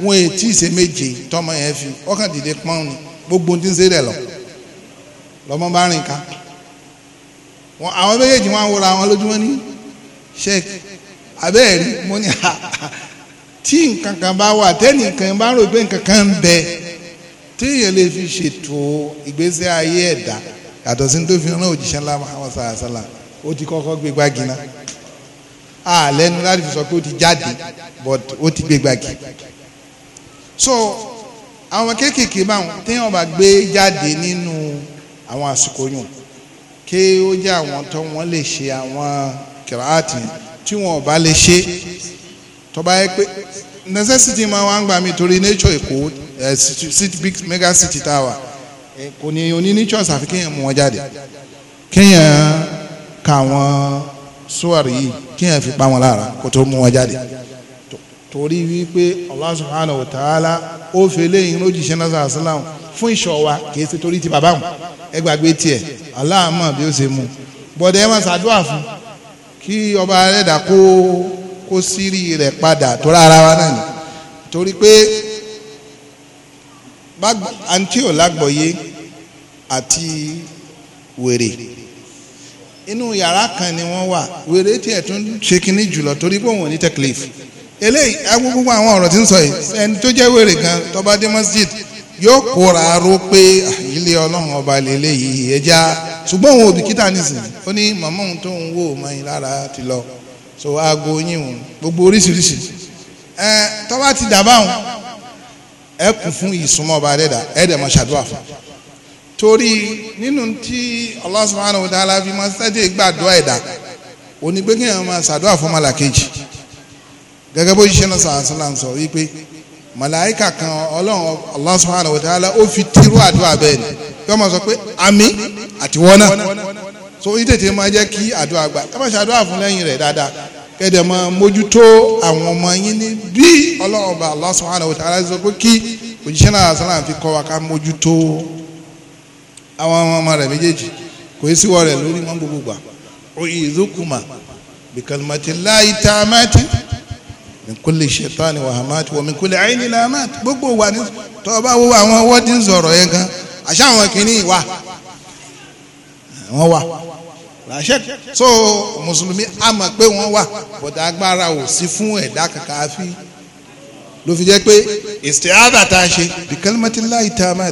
wọn ò tí ì ṣe méje tọmọ yẹn fi ọkàn dìde pọ́n ni gbogbo ohun tí ń ṣe rẹ̀ lọ lọmọ bá rìn ká wọn àwọn méjèèjì wọn wọra àwọn lójúmọ́ ní sheik abẹ́ẹ̀rí mo ní ha tí nǹkan kan bá wà tẹ́nìkan bá rò pé nǹkan kan ń bẹ téèyàn lè fi ṣètò ìgbésí ayé ẹ̀dá yàtọ̀ sí ní tó fi rán òjíṣẹ́ ńlá Muhammad sallallahu alaihi ó ti kọ́kọ́ gbé gbági náà a lẹ́nu láti fi sọ pé ó ti jáde but ó ti gbé gbági so àwọn kéékèèké báwọn téèyàn bá gbé jáde nínú àwọn àsìkò yùn kí ó jẹ́ àwọn tó wọ́n lè ṣe àwọn kìrààtì tí wọ́n bá lè ṣe tó bá yẹ pé necessity máa wá ń gbà mí torí nature èkó eh, big mega city tower eh, kò ní oní nature àfi kéèyàn mú wọn jáde kéèyàn ka àwọn súwárì yìí kí yẹn fi pa wọn lára kó tó mú wọn jáde torí wípé Allah subhanahu wa ta'ala ó fele yìí lójijì náà sàlám fún ìṣọ wa kìí ṣe torí ti bàbá wọn ẹ tiẹ̀ Allah mọ̀ bí ó ṣe mú bọ̀dẹ̀ ẹ máa ṣàdúrà fún kí ọba ẹlẹ́dàá kó kó sírí rẹ̀ padà tó rárá wa náà ni torí pé àǹtí ò lágbọ̀ọ́yé àti wèrè inú yàrá kan ni wọ́n wà wèrè tiẹ̀ tún ṣe kínní jùlọ torí pé òun ò ní tẹ̀klif eléyìí agbógbó àwọn ọ̀rọ̀ tí ń sọ yìí ẹni tó jẹ́ wèrè gan tó dé masjid yóò kóra ró pé ah, ilé ọlọ́run ọba lélẹ́yìí ẹja ṣùgbọ́n òun òbíkítà nísìnyí ó ní màmá òun tó ń wò mọ́yìn lára ti lọ so aago yín òun gbogbo oríṣiríṣi ẹ tó bá ti dà báwọn ẹ kún fún ìsúnmọ́ ọba rẹ̀ dà ẹ fún un torí nínú tí Allah subhanahu wa ta'ala fi máa sẹ́dẹ̀ gbàdúrà ẹ̀dá òní pé kéèyàn máa ṣàdúrà fún màlàkejì gẹ́gẹ́ bó ṣiṣẹ́ náà sàásìlà ń sọ wípé màláìkà kan ọlọ́run Allah subhanahu wa ta'ala ó fi tírú àdúrà bẹ́ẹ̀ ni kí wọ́n máa sọ pé àmì àti wọ́n náà so yìí tètè máa jẹ́ kí àdúrà gbà ẹ máa ṣàdúrà fún lẹ́yìn rẹ̀ dáadáa kẹ́dẹ̀ máa mójútó àwọn ọmọ yín ní bí ọlọ́run bá Allah subhanahu wa ta'ala sọ pé kí òjíṣẹ́ náà sàlám fi kọ́ wa ká mójútó àwọn ọmọ rẹ̀ méjèèjì kò í síwọ́ rẹ̀ lórí mọ́ gbogbo gbà oyin ìzúkùmà bìkàlùmọ̀tì láì tá a máa ti nìkúlẹ̀ ṣẹ̀tàn wà hàmáàtì wọ̀mí kúlẹ̀ àyìnì làmáàtì gbogbo wà ní tọ́ ọ àwọn ọwọ́ ń sọ̀rọ̀ yẹn gan àṣà àwọn kìíní wà wọ́n wà ràṣẹ́ so mùsùlùmí a mọ̀ pé wọ́n wà bọ̀dà agbára ò sí fún ẹ̀dá kankan àfi ló fi jẹ́ pé ìsìtẹ́ àdàtà ṣe bìkàlùmọ̀tì láì tá a máa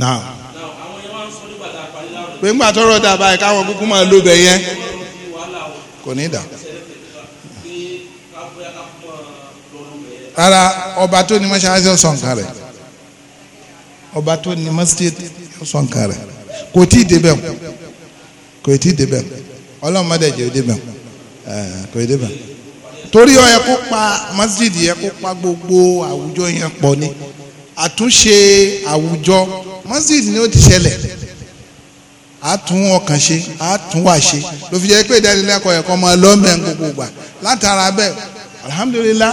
náà pé ńgbà tọrọ dà báyìí káwọn kúkú máa lò bẹ yẹn kò dà. rárá ọba tó ní mọ́ṣáláṣí ọ̀sán kan rẹ̀ ọba tó ní mọ́ṣáláṣí ọ̀sán kan rẹ̀ kò tí ì débẹ̀ kò tí ì débẹ̀ torí pa mọ́ṣáláṣí yẹ pa gbogbo àwùjọ yẹn pọ̀ ni. àtúnṣe àwùjọ masjid ni ó ti ṣẹlẹ̀ àtún ọkàn ṣe àtún wà ṣe ló fi jẹ́ pé ìdánilẹ́kọ̀ọ́ ẹ̀kọ́ ọmọ ọlọ́mọ gbogbo gbà látara bẹ́ẹ̀ alhamdulillah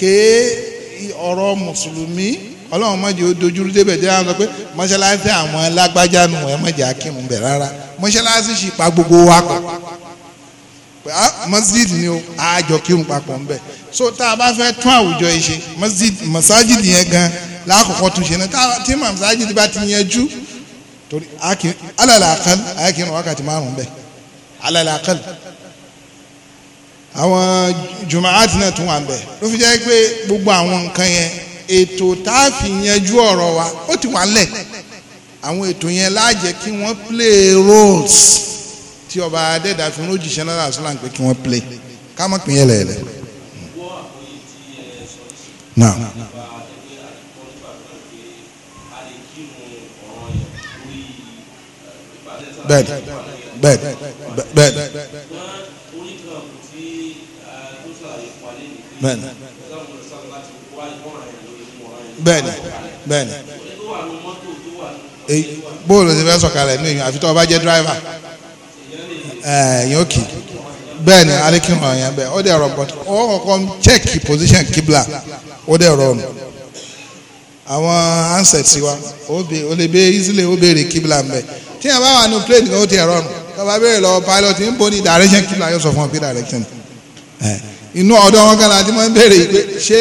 kéé ọ̀rọ̀ mùsùlùmí ọlọ́run mọ̀jẹ̀ ó dojúrú débẹ̀ jẹ́ àwọn sọ pé mọ́ṣáláṣí àwọn lágbájá nù ẹ̀ mọ̀jẹ̀ akínú bẹ̀ rárá mọ́ṣáláṣí sì pa gbogbo wa pọ̀ ah, masjid ni ó àjọ kírun papọ̀ ń bẹ̀ so tá a bá fẹ́ tún àwùjọ yìí ṣe masajid yẹn gan lákòókò tún ṣe náà tí masajid bá ti yẹjú torí alàlàkàn àyàkìrún wákàtí márùn bẹ́ẹ̀ alàlàkàn àwọn jùmọ̀àtì náà tún wà ń bẹ̀ ló fi jẹ́ pé gbogbo àwọn nǹkan yẹn ètò tá a fi yanjú ọ̀rọ̀ wa ó ti wà lẹ̀ àwọn ètò yẹn láàjẹ́ kí wọ́n play roles tí ọba adẹ́dàfin ojíṣẹ́ náírà sọ́là ń pè kí wọ́n play ká má pín yẹlẹ̀yẹlẹ̀ náà. bẹ́ẹ̀ bẹ́ẹ̀ bẹ́ẹ̀ bẹ́ẹ̀ bẹ́ẹ̀ni bẹ́ẹ̀ni bóòlù ti fẹ́ sọ̀kalẹ̀ mí àfi tó o bá jẹ́ dírẹ́fà eh, yóò kì bẹ́ẹ̀ni alikimọ̀ yẹn bẹ́ẹ̀ ó dẹ̀ rọ̀bọ̀tì ó kọ́kọ́ chẹ́ẹ̀kì pòsíṣàn kibla ó dẹ̀ rọrùn àwọn ansẹ̀tì wa ó lè bẹ easily ó béèrè kíbla mbẹ tí a bá wà ní plane kan ó ti rọrùn tọba béèrè lọ pilot ń bo ní direction kíbla yóò sọ fún ọ pé direction inú ọ̀dọ̀ wọn kan láti máa ń béèrè pé ṣé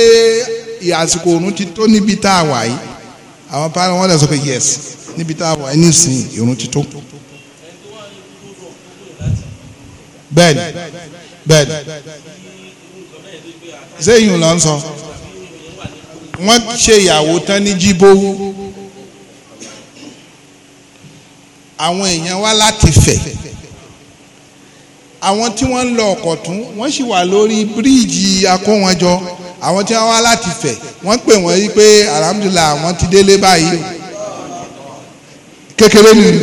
àsìkò òrùn ti tó níbi tá a wà yìí àwọn pilot wọn lè sọ pé yes níbi tá a wà yìí nísìnyí òrùn ti tó. bẹ́ẹ̀ni bẹ́ẹ̀ni sẹ́yìn ló ń sọ wọ́n ṣe ìyàwó tán ní jíbó àwọn èèyàn wá láti fẹ̀ àwọn tí wọ́n ń lọ ọ̀kọ̀tún wọ́n sì wà lórí bíríìjì akówọ́njọ àwọn tí wọ́n wá láti fẹ̀ wọ́n pè wọ́n yí pé alhamdulillah àwọn ti délé báyìí kékeré nìyí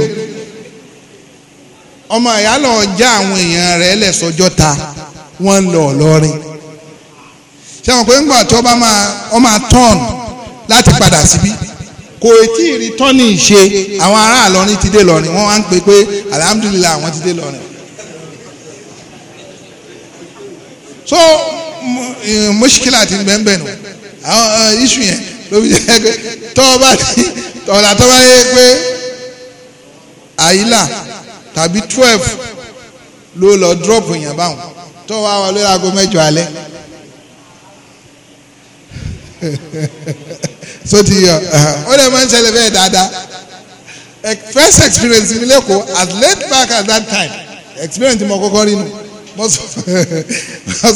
ọmọ ìyá lọ àwọn èèyàn rẹ̀ lẹ́sọjọ́ ta wọ́n ń lọ ọ̀lọ́rin ṣé wọn pé ńgbà tó bá máa ọ máa tọ́ọ̀n láti padà síbí kò tí ì rí tọ́ọ̀nì ṣe àwọn ará àlọ́rin ti dé lọ́rin wọ́n wá ń pè pé alhamdulillah àwọn ti dé lọ́rin. so mọ́ṣíkìlà eh, ti bẹ́ẹ̀ bẹ́ẹ̀ nù àwọn eh, iṣu yẹn ló fi jẹ́ pé tọ́ọ̀bá ní tọ́ọ̀là tọ́ọ̀bá yẹ pé àyílà tàbí twelve ló lọ drop yẹn báwọn tọ́ọ̀bá wà lórí aago mẹ́jọ alẹ́. so ti yọ ó dẹ̀ máa ń ṣẹlẹ̀ bẹ́ẹ̀ dáadáa first experience mi lẹ́kọ̀ọ́ as late back as that time experience mo kọ́kọ́ rí nu mo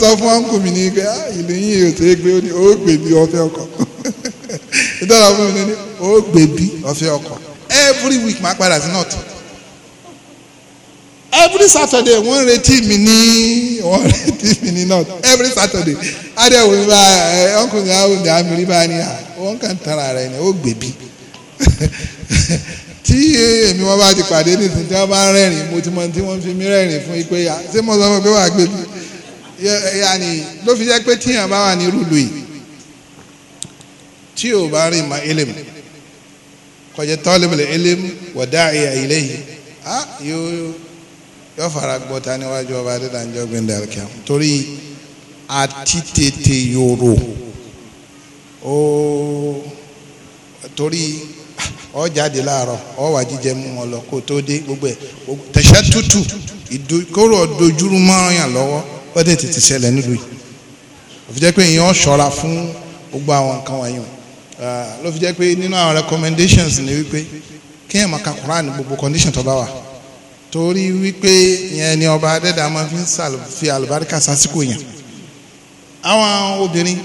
sọ fún uncle mi ní pé ah, ìlú yìí yóò tó gbé ó ní ó gbé bí ọ̀fẹ́ ọkọ̀ ìtọ́ra fún mi ní ó bí ọ̀fẹ́ ọkọ̀ every week máa padà sí náà tó every saturday wọ́n retí mi ní wọ́n retí mi ní north every saturday adéwò ní bá ẹ ọkùnrin àwọn ọmọdé àmìlí bá ní à wọ́n kàn tara rẹ̀ ni ó gbèbí tí èmi wọn bá ti pàdé nísìnyí tí wọ́n bá rẹ́rìn mo ti mọ tí wọ́n fi mí rẹ́rìn fún ipe ya ah, ṣé mo sọ fún pé wà á gbèbí yàní ló fi jẹ́ pé tíyàn bá wà ní rúlu yìí tí o bá rìn ma elim kọjá tọ́lẹ̀bẹ̀lẹ̀ elim wọ̀dá ìyá ilé yìí ah yóò yọ fara gbọ́ta níwájú ọba adédànjọ́ gbẹ̀ndẹ̀ àríkà torí àti tètè yòrò ó torí ọ jáde láàárọ̀ ọ wà jíjẹ mú wọn lọ kó tó dé gbogbo ẹ̀ tẹ̀sẹ̀ tútù kóró dojúrú márùn yàn lọ́wọ́ ó dé tètè ṣẹlẹ̀ nílùú yìí ó fi jẹ́ pé èèyàn ṣọ́ra fún gbogbo àwọn nǹkan wọ̀nyí ló fi jẹ́ pé nínú àwọn recommendations ni wípé kéèyàn máa ka Quran gbogbo condition tó bá wà torí wípé yẹn ni ọba adẹ́dàá máa fi ń fi àlùbáríkà sásìkò yẹn àwọn obìnrin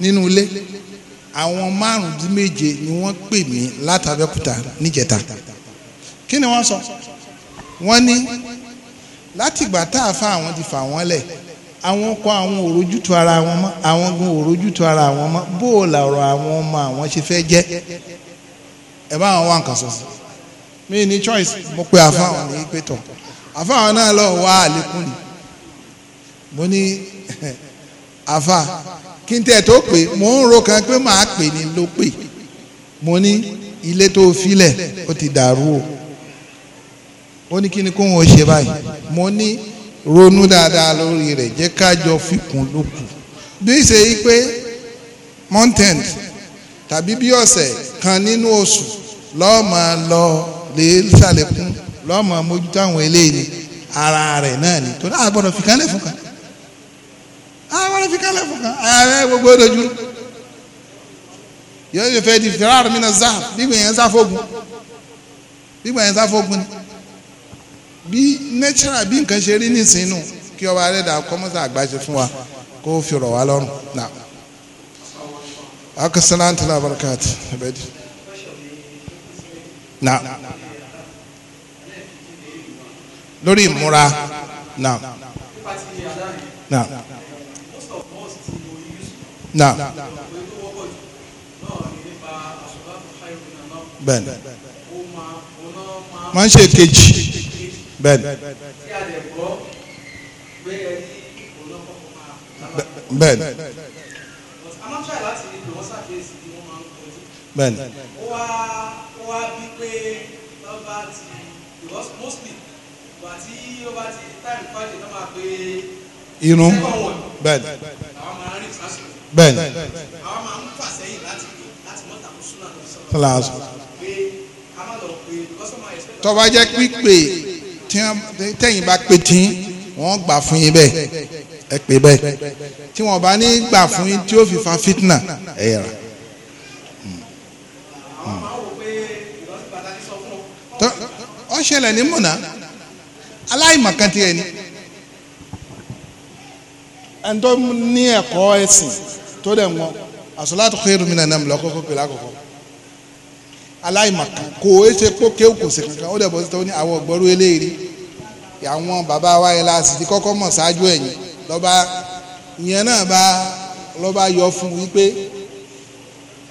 nínú ilé àwọn márùn ni wọ́n pè mí látàbẹ́kúta níjẹta kí ni wọ́n sọ wọ́n ní látìgbà tá a fa àwọn ti fà wọ́n lẹ̀ àwọn kọ àwọn òrojútu ara wọn mọ́ àwọn gun òrojútu ara wọn mọ́ bó o làrọ̀ àwọn ọmọ àwọn ṣe fẹ́ jẹ́ ẹ bá wọn wá nǹkan sọ sí i mi ní choice mo pe àfáwọn ní pé tọ̀ àfáwọn náà lọ wá àlékún ni mo ní àfà kí n tẹ́ tó pè mo ń ro kan pé màá pè ní ló pè mo ní ilé tó filẹ̀ ó ti dàrú o ó ní kí ni kóun ó ṣe báyìí mo ní ronú dáadáa lórí rẹ̀ jẹ́ ká jọ fikùn lókù bí ṣe yí pé mountain tàbí bí ọ̀sẹ̀ kan nínú oṣù lọ́ọ́ máa lọ. Lo lè sàlékún lọ́mọ mójútó àwọn eléyìí ni ara rẹ̀ náà ni torí a gbọ́dọ̀ fi kálẹ̀ fún kan a gbọ́dọ̀ fi kálẹ̀ fún kan ààrẹ gbogbo ojú yóò yóò fẹ́ di fìtẹ́rà mi náà zá gbígbẹ̀ yẹn sáfógun gbígbẹ̀ yẹn sáfógun ni bí natural bí nǹkan ṣe rí nísìnyínú kí ọba rẹ̀dà kọ́mọ́sá àgbáṣe fún wa kó fi rọ̀ wá lọ́rùn náà. akasalaam tala barakati abedi na lórí ìmúra na na na bẹ́ẹ̀ni máa ń ṣe kejì bẹ́ẹ̀ni bẹ́ẹ̀ni bẹ́ẹ̀ni wá bí pé lọ́ba ti because mostly ìgbà tí ó bá ti time fàjẹ tó máa pé irun bẹ́ẹ̀ni àwọn máa ń rìn sásìkò bẹ́ẹ̀ni àwọn máa ń fà sẹ́yìn láti láti mọ́ta kó súnà lọ́sọ̀rọ̀ pé ká má lọ pé kọ́sọ́mà ẹ̀sẹ̀. tọ́ba jẹ́ pípé tẹ́yìn bá pé tí wọ́n gbà fún yín bẹ́ẹ̀ ẹ pé bẹ́ẹ̀ tí wọ́n bá ní gbà fún yín tí ó fi fa fitna ẹ̀ yẹra. tó ọ ṣẹlẹ̀ ní múnà aláìmọ̀kan tiẹ̀ ni ẹni tó ní ẹ̀kọ́ ẹ̀sìn tó dẹ̀ wọn àsọláàtò khairu minan nam lọ́kọ́kọ́ pẹ̀lú àkọ́kọ́ aláìmọ̀kan kò é ṣe pé kéwù kò sí kankan ó dẹ̀ bọ́ sí tó ní àwọn ọ̀gbọ́rú eléyìí àwọn bàbá wa yẹn láti ti kọ́kọ́ mọ̀ ṣáájú ẹ̀yìn lọ́ba ìyẹn náà bá lọ́ba yọ fún wípé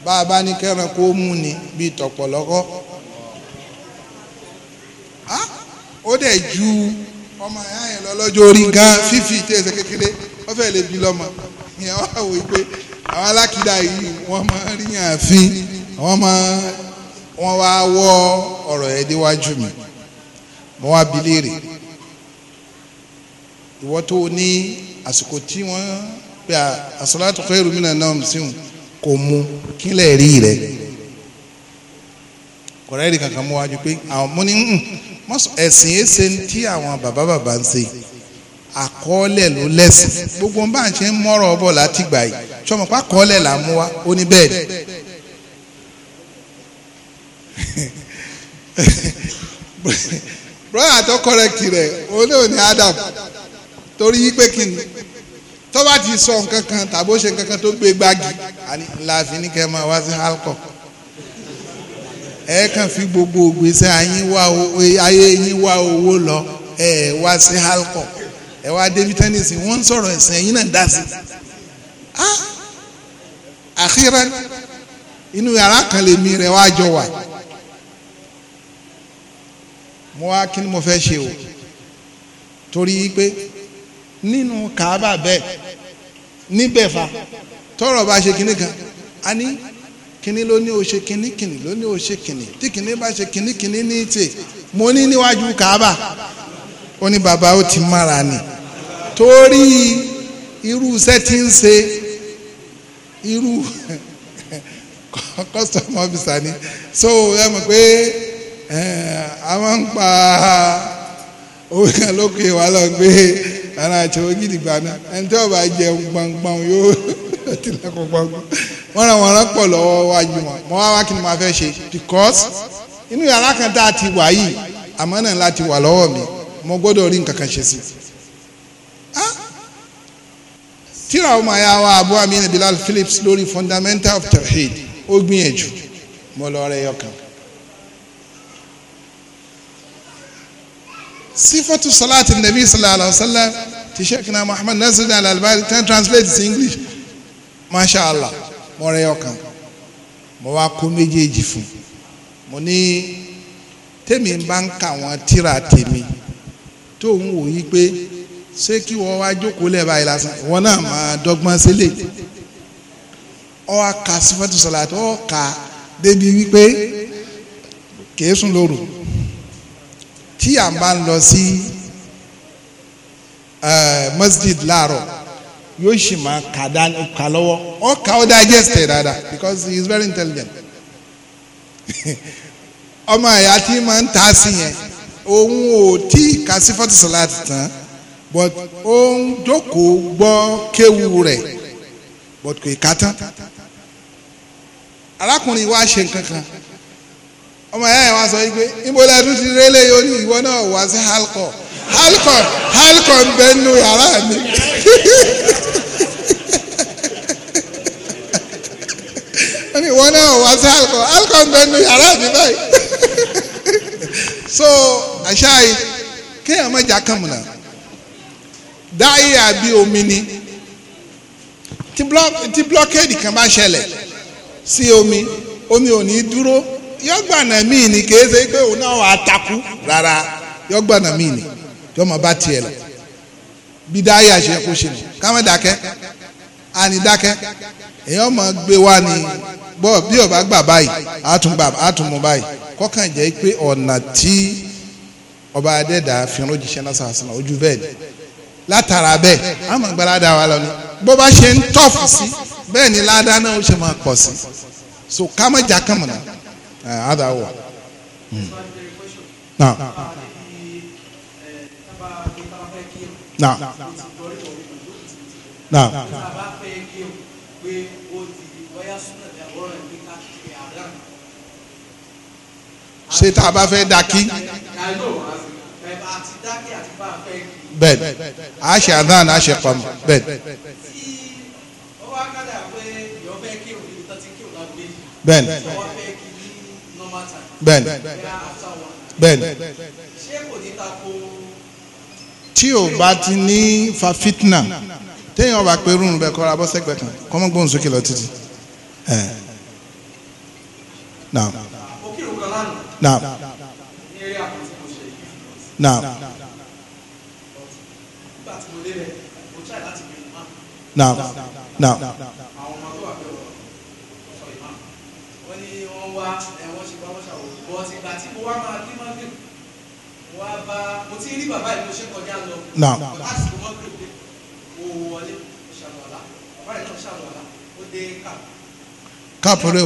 bá a bá ní kẹ́ran kó mú ni bíi tọ̀pọ̀ lọ́kọ́ ó dẹ̀ ju ọmọ ẹ̀yà yẹn lọ lọ́jọ́ orí gan fífi ìtẹ̀sẹ̀ kékeré wọ́n fẹ́ lè bí lọ́mọ ìyẹn wọ́n wò ó pé àwọn alákìdá yìí wọ́n máa rí àfin wọ́n máa wọ́n wá wọ́ ọ̀rọ̀ ẹ̀ déwájú mi mo wá bi léèrè ìwọ́ tó ní àsìkò tí wọ́n pé àsọlátùkọ́ èrò mi náà náà sí wọn kò mú kílẹ̀ rí rẹ̀ kọ̀rẹ́rì kankan mú wájú pé àwọn mo ní hmm, ẹ̀sìn ẹ̀sẹ̀ tí àwọn bàbá bàbá ń ṣe àkọọ́lẹ̀ ló lẹ́sìn gbogbo bá ń ṣe ń mọ́rọ̀ ọbọ̀ láti gbà yìí sọmọ pa àkọọ́lẹ̀ là ń mú wa ó ní bẹ́ẹ̀ ni brọ́dà tó kọ́rẹ́kì rẹ̀ òun ò Adam torí pé kí ni tó bá ti sọ nǹkan kan tàbó ṣe nǹkan kan tó gbé gbági àní láàfin ní kẹ́ máa wá sí alcohol ẹ kàn fi gbogbo ògbésẹ ayé yín wá owó lọ ẹ wá sí halkọ ẹ wá débi tẹnisi wọn ń sọ̀rọ̀ ẹsẹ ẹyin náà dá sí ah àkírẹ inú yàrá kan lè mi rẹ wá jọ wà mo wá kí ni mo fẹ́ ṣe o torí pé nínú kaaba bẹ́ẹ̀ níbẹ̀ fa tọrọ bá ṣe kíní kan a ní. Kini ló ní o ṣe kíní kíní ló ní o ṣe kíní tí kini bá ṣe kíní kíní ní tè mo ní níwájú kaaba ó ní bàbá ó ti mára ni torí irú iṣẹ́ tí ń ṣe irú custom officer ni so ẹ mọ̀ pé àwọn ń pa òwe kan lókè wà lọ gbé ara àti ògidì gbaná ẹni tí ó jẹun gbọ̀ngbọ̀n yóò tilẹ̀kùn gbọ̀ngbọ̀n wọ́n ràn wọ́n rán pọ̀ lọ́wọ́ wájú wọn mọ́ wá wá kí ni mo fẹ́ ṣe because inú yàrá kan tá a ti wà yìí àmọ́ náà láti wà lọ́wọ́ mi mo gbọ́dọ̀ rí nǹkan kan ṣe sí i. tíra ọmọ ayá wa abu amin bilal phillips lórí fundamental of tawhid ó gbìyànjú mo lọ rẹ yọkan. sifatu salati nabi sallallahu alaihi wa sallam ti sheikh na muhammad nasir al-albani ten translate to english masha allah mo rẹ ọkàn mo wá kó méjèèjì fún mo ní tèmi bá ń kà wọ́n tíra tèmi tó ń wò yí pé ṣé kí wọ́n wá jókòó lẹ́ẹ̀ báyìí lásán wọ́n náà máa dọ́gbọ́n sílẹ̀ ọ wá ka sífẹ́tù sọ̀làtì ọ kà débi wípé kìí sùn lóru tí à ń bá lọ sí eh, masjid láàárọ̀ yóò sì máa kà dání kà lọ́wọ́ ọ kà ó digest ẹ̀ dáadáa because he is very intelligent ọmọ àyà tí máa ń ta sí yẹn òun ò tí kà sí fọ́tò sọ́láàtì tán but ó ń jókòó gbọ́ kéwu rẹ̀ but kò ká tán arákùnrin wa ṣe nǹkan kan ọmọ ẹ̀yà ẹ̀ sọ wípé níbo la tún ti rélé yóò ní ìwọ náà wá sí halkọ halkọ halkọ ń bẹ nínú yàrá mi wọn náà wá sí alcohol alcohol ń bẹ nu yàrá mi báyìí so àṣà yìí kéèyàn mọ̀jà kàmùnà dáìyà bíi omi ni tí blockade kan bá ṣẹlẹ̀ sí omi omi ò ní dúró yọgbàna míì ni kì í ṣe pé òun náà wàá takú rárá yọgbàna míì ni yọ máa bá tiẹ̀ lọ bí dáìyà ṣe kó ṣe nù ká má dákẹ́ máa gbé wá ní bọ́ bí ọba gbà báyìí àtúmù báyìí kọ́kàn jẹ́ pé ọ̀nà tí ọba adẹ́dà fi hàn òjíṣẹ́ náà sàásìnà ojú bẹ́ẹ̀ ni látara bẹ́ẹ̀ àmọ́ gbalaja wa lọ bó bá ṣe ń tọ́fù sí bẹ́ẹ̀ ni ládá náà ó ṣe máa pọ̀ sí so kámẹ́jà kàmùnà àdá wọ̀. Now. Now. Now. Now. ṣé tá a bá fẹ́ da kí. bẹ́ẹ̀ a ṣe adán a ṣe pam bẹ́ẹ̀. bẹ́ẹ̀ bẹ́ẹ̀ bẹ́ẹ̀ tí o bá ti ní fa fitna téèyàn bá pé rúnrún bẹ́ẹ̀ kọ́ra bọ́sẹ̀gbẹ̀ kan kọ́mọ́gbóhùn sókè lọ títí. Now. Now. Now. Now. Now. Now. Now. Káp rẹ̀ o.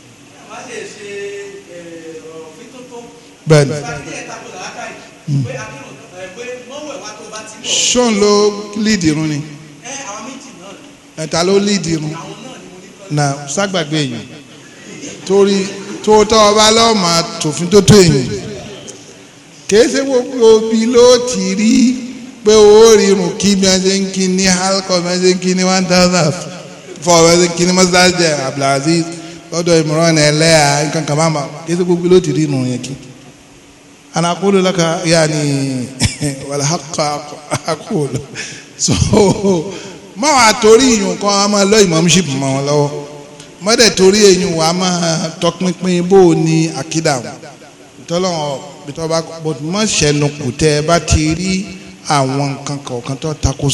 Eh, bẹ́ẹ̀ni hmm. eh, ṣóun ló lead irun eh, ni ẹ̀ta ló lead irun na ságbàgbé èèyàn torí tó tọ́ ọba lọ́ọ̀mà tòfin tó tó èèyàn kìí ṣe gbogbo bí ló ti rí pé owó rírun kí bí wọ́n ṣe ń kí ní halkọ́ bí wọ́n ṣe ń kí ní one thousand four bí wọ́n ṣe ń kí ní mọ́sáàjì abdulaziz lọ́dọ̀ ìmọ̀ràn ẹlẹ́yà nǹkan kan máa kí gbogbo ló ti rí irun yẹn kí ana akulu laka ni wàlá so mọ́ wa ìyún kan a máa lọ wọn lọ́wọ́ mọ́dẹ̀ torí ìyún wa máa tọpinpin bó o ní àkídà wọn sẹ́nu kù tẹ́ ẹ bá ti rí àwọn nǹkan kọ̀ọ̀kan tó takò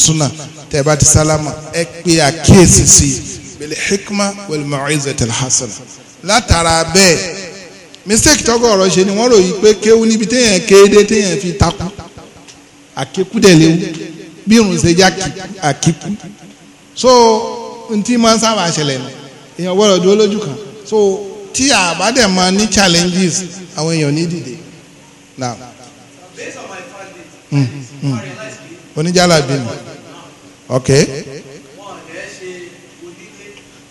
tẹ́ ẹ bá ti sálámà ẹ pé àkíyèsí bil hikma wal ma'izatil hasana látara bẹ́ẹ̀ mistake tọ́gọ̀ ọ̀rọ̀ ṣe ni wọ́n ròyìn pé kéwú níbi téèyàn kéde téèyàn fi takú àkékúdẹ̀léwu bí irun ṣe já àkíkú so ntí máa ń sábà ṣẹlẹ̀ nù èèyàn gbọ́dọ̀ dúró lójú kan so tí àbádẹ́ máa ní challenges àwọn èèyàn ní dìde now hmm, hmm. oníjàlá bí mi okay. okay.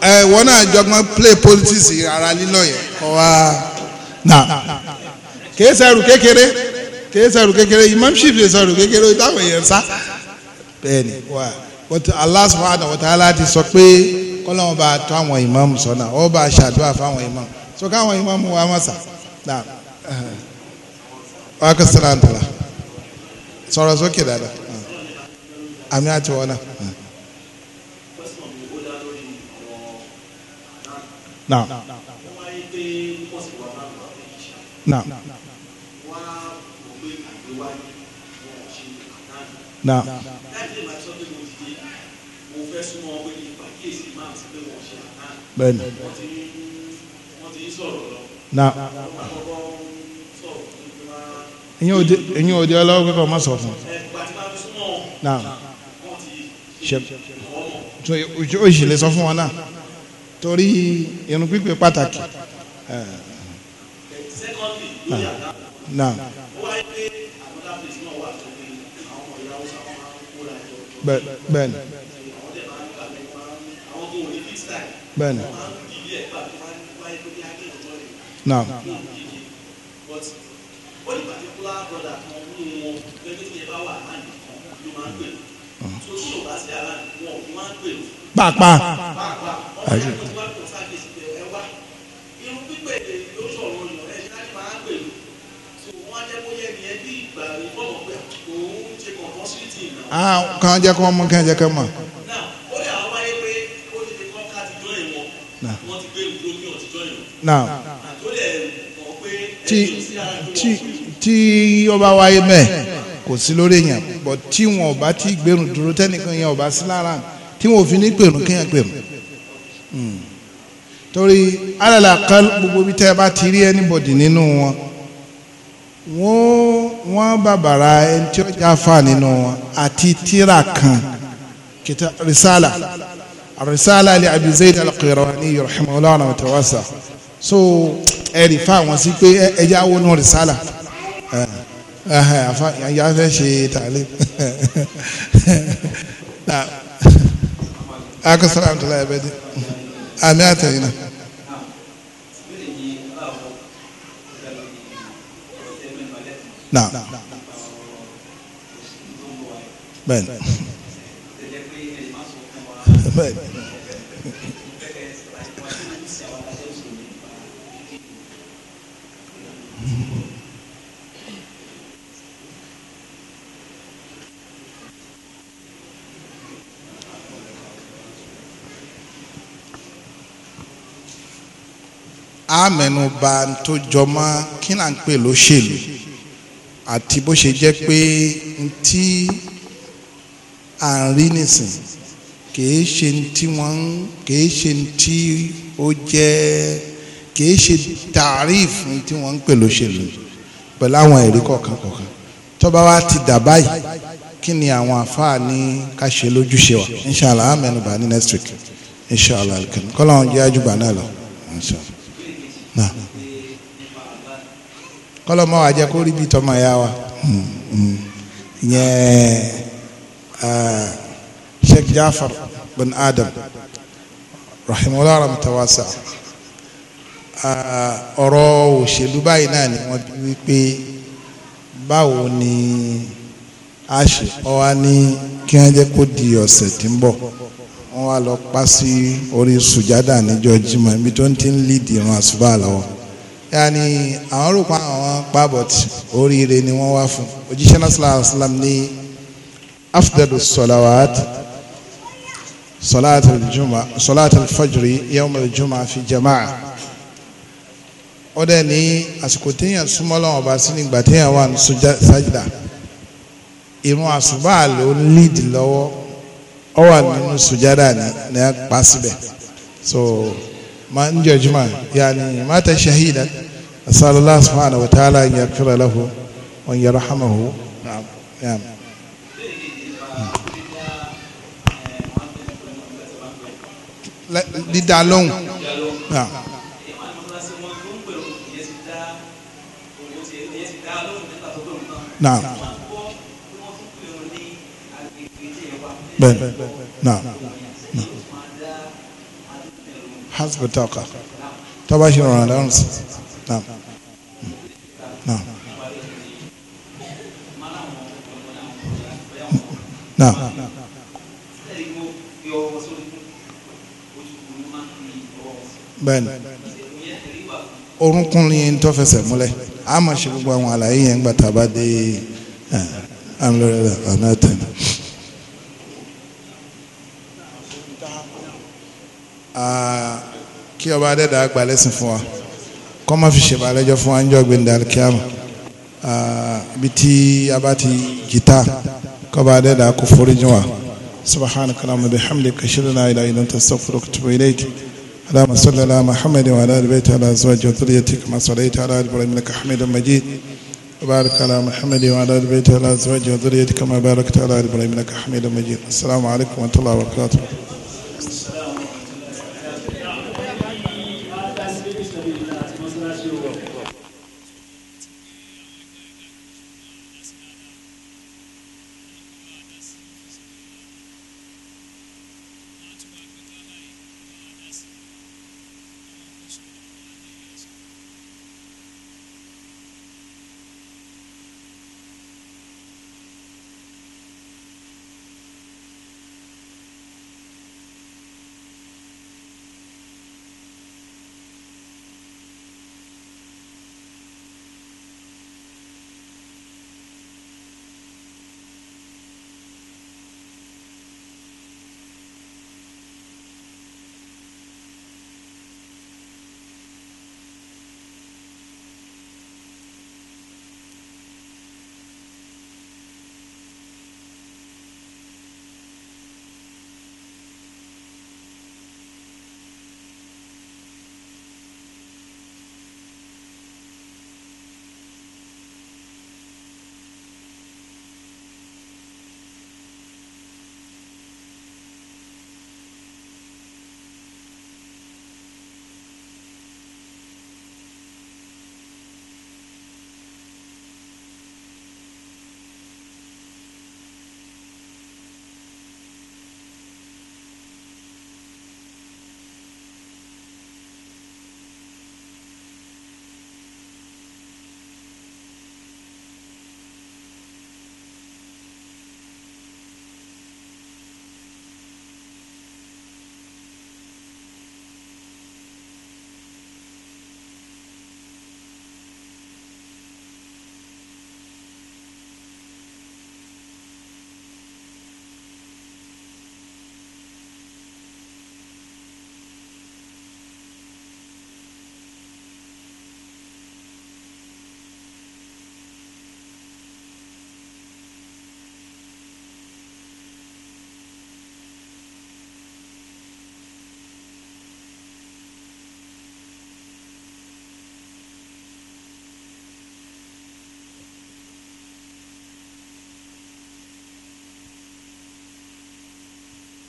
ẹ wọn náà jọgbọ́n play politics ara lílọ yẹn kọ́ wa na kìí sẹ́rù kékeré kìí sẹ́rù kékeré imamship lè sẹ́rù kékeré táwọn èèyàn sá bẹ́ẹ̀ but Allah subhanahu wa ta'ala ti sọ pé kọ́lọ́wọ́n bá tó àwọn imam sọ́nà ọ́ bá ṣàdúrà fáwọn imam so káwọn imam wa má sà na wa kò sọ̀rọ̀ àǹtàlà sọ̀rọ̀ sókè dáadáa àmì àti wọn náà. Now. Now. Now. Bẹ́ẹ̀ni. Na. Ẹ̀yin òde ọlọ́wọ́ pẹ́pẹ́ ọmọ sọ fún. Na. Ṣé o ṣì lè sọ fún wọn náà? torí irun pípé pàtàkì. bẹ́ẹ̀ni ah. bẹ́ẹ̀ni now. ó ní particular pàápàá ah, kàn jẹ́ kó mọ̀ kàn jẹ́ kó mọ̀. tí tí tí ó bá wáyé bẹ́ẹ̀ kò sí lórí èèyàn bọ̀ tí wọn ò bá ti gbẹrun dúró tẹ́nìkan yẹn ò bá sí lára tí wọn ò fi ní pèrún kéèyàn pèrún hmm. torí alàlà kan gbogbo bí tẹ́ ẹ bá ti rí anybody nínú wọn wọ́n bàbàrà ẹni tí ó jáfa nínú wọn àti tíra kan kìtà risala risala li Abi Zayd al-Qirawani rahimahullah wa tawassa so ẹ̀rí fáwọn sí pé ẹja wọnú risala afa ya fẹ́ ṣe tààlẹ́ akọsọ̀rọ̀ àmàlà ẹ̀bẹ̀ dé àmì àtẹ̀yìn náà. Now, bẹ́ẹ̀ni bẹ́ẹ̀ni. àmẹnuba tó jọmọ kí là ń pè lóṣèlú àti bó ṣe jẹ́ pé ntí à ń rí nìsín kìí ṣe ntí wọ́n ń kìí ṣe ntí ó jẹ́ kìí ṣe tàrífù tí wọ́n ń pè lóṣèlú pẹ̀lú àwọn ẹ̀rí kọ̀ọ̀kan kọ̀ọ̀kan tọ́ba wa ti dà báyìí kí ni àwọn àfáà ní ká ṣe lójúṣe wa inshallah amẹnuba ní next week inshallah kọ́lá wọn jẹ́ àjùbà náà lọ. inshallah kọlọmọ àjẹ kó rí bí tọmọ ya wa hmm, hmm. ìyẹn Sheikh Jafar bin Adam rahimahullah rahmatawasa ọ̀rọ̀ òṣèlú báyìí náà ni wọ́n bí wípé báwo ni a ṣe ọ wá ní kí wọ́n jẹ́ kó di ọ̀sẹ̀ tí ń bọ̀ wọ́n wá lọ pa sí orí sùjádà níjọ́ jimá ibi tó ń ti ń lead irun àsùbà lọ́wọ́ yaani àwọn rò àwọn pabot oríire ni wọ́n wá fún òjíṣẹ́ náà sallallahu alayhi wa sallam ní afdalu salawat salat aljuma salat alfajri yawm aljuma fi jama'a ó dẹ̀ ní àsìkò téèyàn súnmọ́ lọ́wọ́ bá sí nígbà téèyàn wà ní sùjádà irun àsùbà ló ń lead lọ́wọ́. ọ wà nínú sùjádà ní ní a pa síbẹ̀ so ma ń jẹ jùmọ̀ yaani mata shahida asalallahu subhanahu wa ta'ala an yaghfira lahu wa an yarhamahu naam naam. dídá lóhùn. naam. بن na na hasbitaka tọ́ba ṣe rọrùn àdáhùn sí na na na. bẹ́ẹ̀ni orúnkún ni n tó fẹsẹ̀ múlẹ̀ a máa ṣe gbogbo àwọn àlàyé yẹn gbàtà bá dé ẹ̀ ẹ̀ ẹ̀ ẹ̀ ẹ̀ kí ọba adẹ́dà àgbà lẹ́sìn fún wa kọ́ má fi ṣèbà lẹ́jọ́ fún wa ń jọ gbẹ̀ndẹ̀ alikiyama ibi tí a bá ti jìtá kọ́ba adẹ́dà kò foríjì wa subhanaka allahumma bihamdika ashhadu an la ilaha illa anta astaghfiruka wa atubu ilayk اللهم صل على محمد وعلى ال بيته وعلى ازواجه وذريته كما صليت على ال ابراهيم انك حميد مجيد وبارك على محمد وعلى ال بيته وعلى ازواجه وذريته كما باركت على ال ابراهيم انك حميد مجيد السلام عليكم ورحمه الله وبركاته